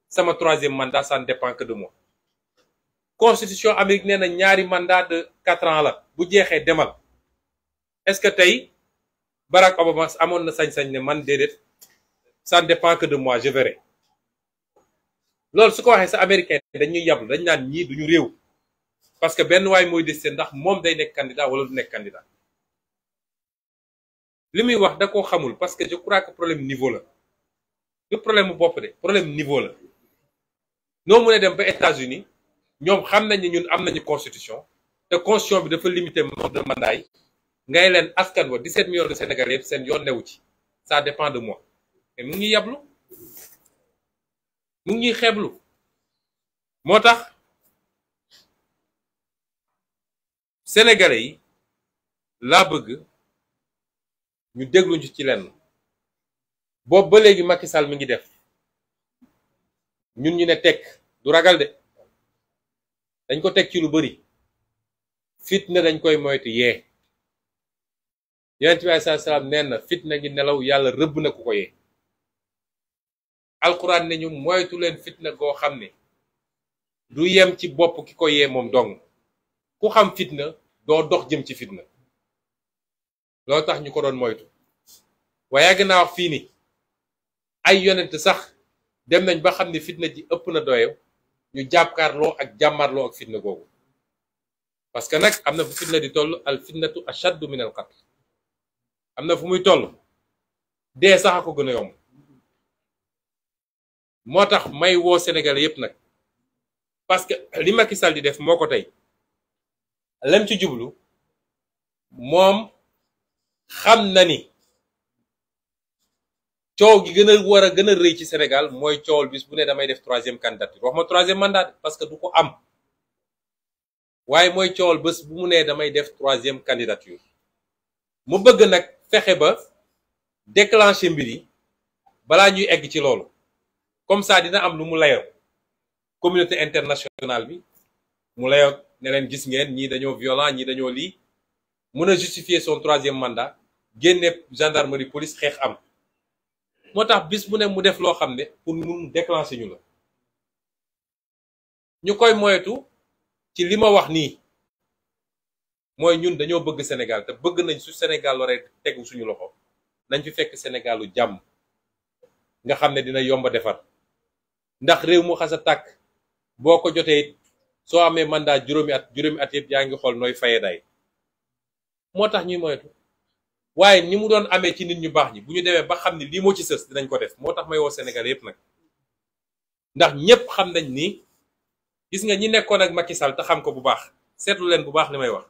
sama troisième mandat ça ne que de moi constitution amérique nee na ñaari mandat de quatre ans la bu jeexee demal est-ce que tey Barack Obama amoon na sañ-sañ ne man déedéet ça ne dépend que de mois je verrai loolu su ko waxee sa américain dañuy yablu dañ naan ñii duñu réew parce que benn waay mooy décider ndax moom day nekk candidat wala du nekk candidat li muy wax da ko xamul parce que je crois que la du problème mu bopp de problème niveau la noo mënee dem ba États-Unis ñoom xam nañ ne ñun am nañu constitution te constitution bi dafa limité nombre de mandat yi ngay leen askan wa 17 millions de Sénégalais yëpp seen yoon newu ci ça dépend de mois mu ngi yablu mu ngi xeeblu moo tax sénégalais yi laa bëgg ñu dégluñu ci lenn. boobu ba léegi Macky sal mi ngi def ñun ñu ne tekk du ragal de dañ ko teg ci lu bëri fitna dañ koy moytu yee yonent bi aleyhi salaam nee na fitna ngi nelaw yàlla rëbb na ku ko yee alxuraan ne ñu moytu leen fitna goo xam ne du yem ci bopp ki ko yee moom dong ku xam fitna doo dox jëm ci fitna loo tax ñu ko doon moytu waaye yàgg naa wax fii nii ay yonent sax dem nañ ba xam ne fitna ji ëpp na doyam ñu jàkkaarloo ak jàmmarloo ak fitna googu parce que nag am na fu fitna toll al fitnatu ashaddu min am na fu muy toll dee sax a ko gën yomb moo tax may woo Sénégalais yépp nag parce que li Macky di def moo ko tey lam ci jublu moom xam na ni coow gi gën a war a gën a rëy ci Sénégal mooy coowal bis bu ne damay def troisième candidature wax ma troisième mandat parce que du ko am waaye mooy coowal bés bu mu nee damay def troisième candidature mu bëgg nag fexe ba déclencher mbir balaa ñuy egg ci loolu comme ça dina am lu mu layoo communauté internationale bi mu layoo ne leen gis ngeen ñii dañoo violent ñii dañoo lii mun a justifier son troisième mandat génne gendarmerie police xeex am. moo tax bis bu ne mu def loo xam ne pour mun déclencher ñu la ñu koy moytu ci li ma wax nii mooy ñun dañoo bëgg Sénégal te bëgg nañ su Sénégal rek tegu suñu loxo nañ fi fekk Sénégalu jàmm nga xam ne dina yomba defar ndax réew mu xas a tàkk boo ko jotee soo amee mandat juróomi at juróomi at yëpp yaa ngi xool nooy faye day moo tax ñuy moytu waaye ni mu doon amee ci nit ñu baax ñi bu ñu demee ba xam ni lii moo ci sës dinañ ko def moo tax may woo Sénégal yépp nag ndax ñépp xam nañ ni gis nga ñi nekkoon ak Macky Sall te xam ko bu baax seetlu leen bu baax li may wax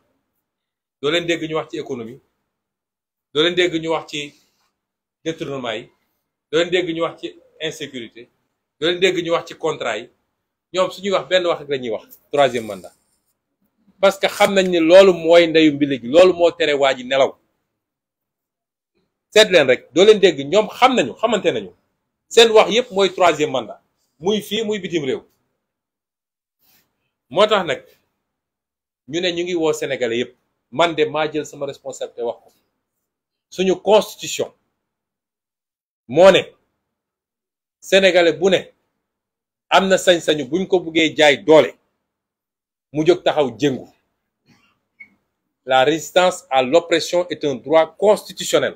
doo leen dégg ñu wax ci économie doo dégg ñu wax ci détournement yi doo dégg ñu wax ci insécurité doo dégg ñu wax ci contrat yi ñoom su ñuy wax benn wax rek la wax troisième mandat parce que xam nañ ni loolu mooy ndeyu mbili gi loolu moo tere waa ji nelaw seet leen rek doo leen dégg ñoom xam nañu xamante nañu seen wax yépp mooy troisième mandat muy fii muy bitim réew moo tax nag ñu ne ñu ngi woo sénégalais yépp man de maa jël sama responsabilité wax ko suñu constitution moo ne sénégalais bu ne am na sañ-sañu buñ ko buggee jaay doole mu jóg taxaw jëngu la résistance à l'oppression est un droit constitutionnel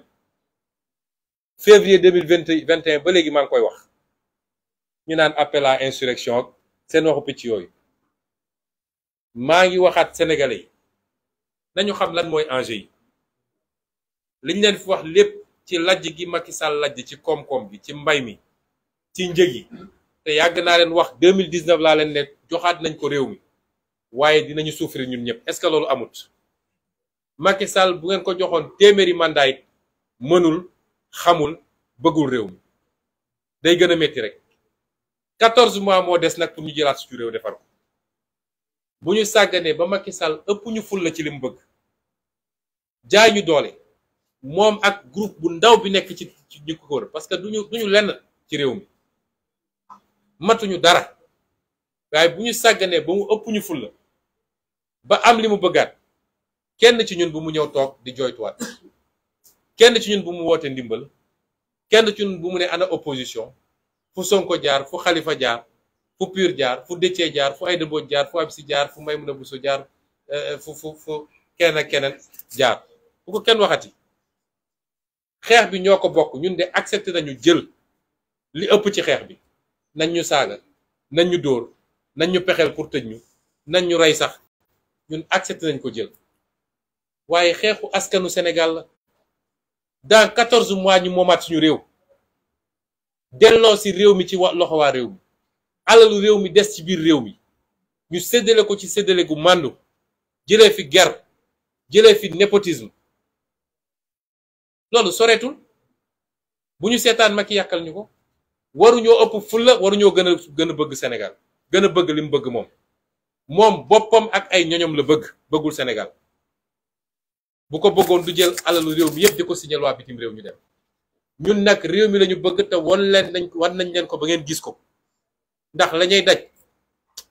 février deux mille vingt vingt ba léegi maa ngi koy wax ñu naan appel à insurrection ak seen waxu picc yooyu maa ngi waxaat sénégalais yi nañu xam lan mooy enjeu yi liñ leen fi wax lépp ci lajj gi Macky Sall lajj ci koom-koom bi ci mbay mi ci njëg yi te yàgg naa leen wax deux mille dix neuf laa leen ne joxaat nañ ko réew mi waaye dinañu souffrir ñun ñëpp est ce que loolu amut Macky Sall bu ngeen ko joxoon téeméeri mandat mënul. xamul bëggul réew mi day gën a métti rek quatorze mois moo des nag pour ñu jëlaat suñu réew defar ko bu ñu sàgganee ba Macky Sall ëpp ñu ful ci li mu bëgg jaay ñu doole moom ak groupe bu ndaw bi nekk ci ci ñu ko wër parce que duñu duñu lenn ci réew mi matuñu dara waaye bu ñu sàgganee ba mu ëpp ñu ful ba am li mu bëggaat kenn ci ñun bu mu ñëw toog di jooytuwaat kenn ci ñun bu mu woote ndimbal kenn ci ñun bu mu ne ana opposition fu Sonko jaar fu xalifa jaar fu Pur jaar fu Déthié jaar fu Aïda Mbodj jaar fu Absi jaar fu Maïmouna Bousso jaar euh, fu fu fu kenn ak keneen jaar bu ko kenn waxati xeex bi ñoo ko bokk ñun de accepté nañu jël li ëpp ci xeex bi nañ ñu saaga nañ ñu dóor nañ ñu pexeel pour tëj ñu nañ ñu rey sax ñun accepté nañ ko jël waaye xeexu askanu Sénégal dans quatorze mois ñu moomaat suñu réew delloo si réew mi ci wa loxo réew mi alalu réew mi des ci biir réew mi ñu séddale ko ci séddale gu màndu jëlee fi guerre jëlee fi népotisme loolu soreetul bu ñu seetaan Macky yàkkal ñu ko waruñoo ëpp fulla waruñoo gën a gën a bëgg Sénégal gën bëgg li bëgg moom moom boppam ak ay ñoñom la bëgg bëggul Sénégal bu ko bëggoon du jël alalu réew mi yëpp di ko signal waa bitim réew ñu dem ñun nag réew mi lañu bëgg te wan leen nañ wan nañ leen ko ba ngeen gis ko ndax la daj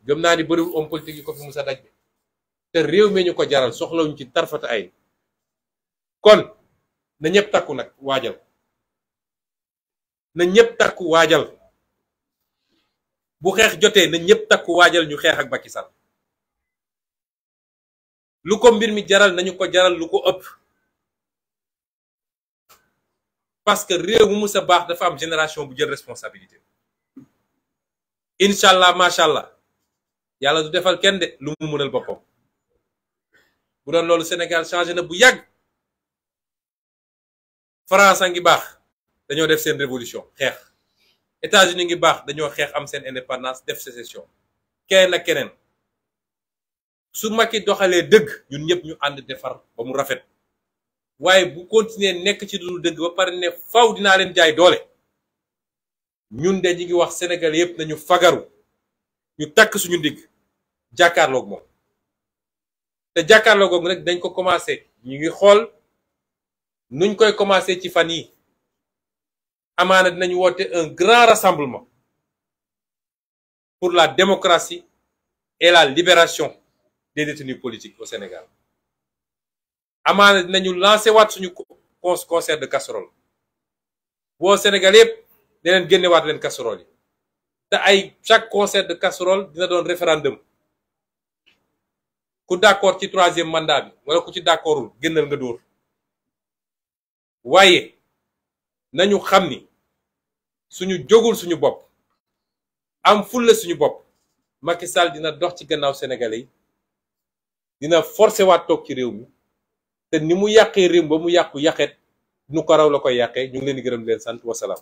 gëm naa ni bëriwul homme politique yi ko fi musa daj bi te réew mi ñu ko jaral soxlawuñ ci tarfata ay kon na ñëpp takku nag waajal na ñëpp takku waajal bu xeex jotee na ñëpp takku waajal ñu xeex ak Macky Sall lu ko mbir mi jaral nañu ko jaral lu ko ëpp parce que réew mu sa baax dafa am génération bu jël responsabilité incha allah macha allah yàlla du defal kenn de lu mu mënal boppam bu doon loolu Sénégal changé na bu yàgg France a ngi baax dañoo def seen révolution xeex États-Unis ngi baax dañoo xeex am seen indépendance def sécession keneen ak keneen. su Macky doxalee dëgg ñun ñëpp ñu ànd defar ba mu rafet waaye bu continuer nekk ci dul dëgg ba pare ne faw dinaa leen jaay doole ñun de ñu ngi wax Sénégal yëpp nañu fagaru ñu takk suñu ndigg jàkkaarloog moom te jàkkaarloog moom rek dañ ko commencé ñu ngi xool nuñ koy commencé ci fan yi amaana dinañu woote un grand rassemblement pour la démocratie et la libération des politique politiques au Sénégal amaana dinañu lancé waat suñu concert de casserole boo Sénégal yëpp ne génnewaat leen casserole yi te ay chaque concert de casserole dina doon référendum ku d'accord ci troisième mandat bi wala ku ci d'accordul génnal nga dóor waaye nañu xam ni suñu jógul suñu bopp am fulla suñu bopp Macky Sall dina dox ci gannaaw Sénégalais dina forcé waat toog ci réew mi te ni mu yàqee réew ba mu yàqu yàqet nu ko raw la koy yàqee ñu ngi leen di gërëm leen sant wasalaam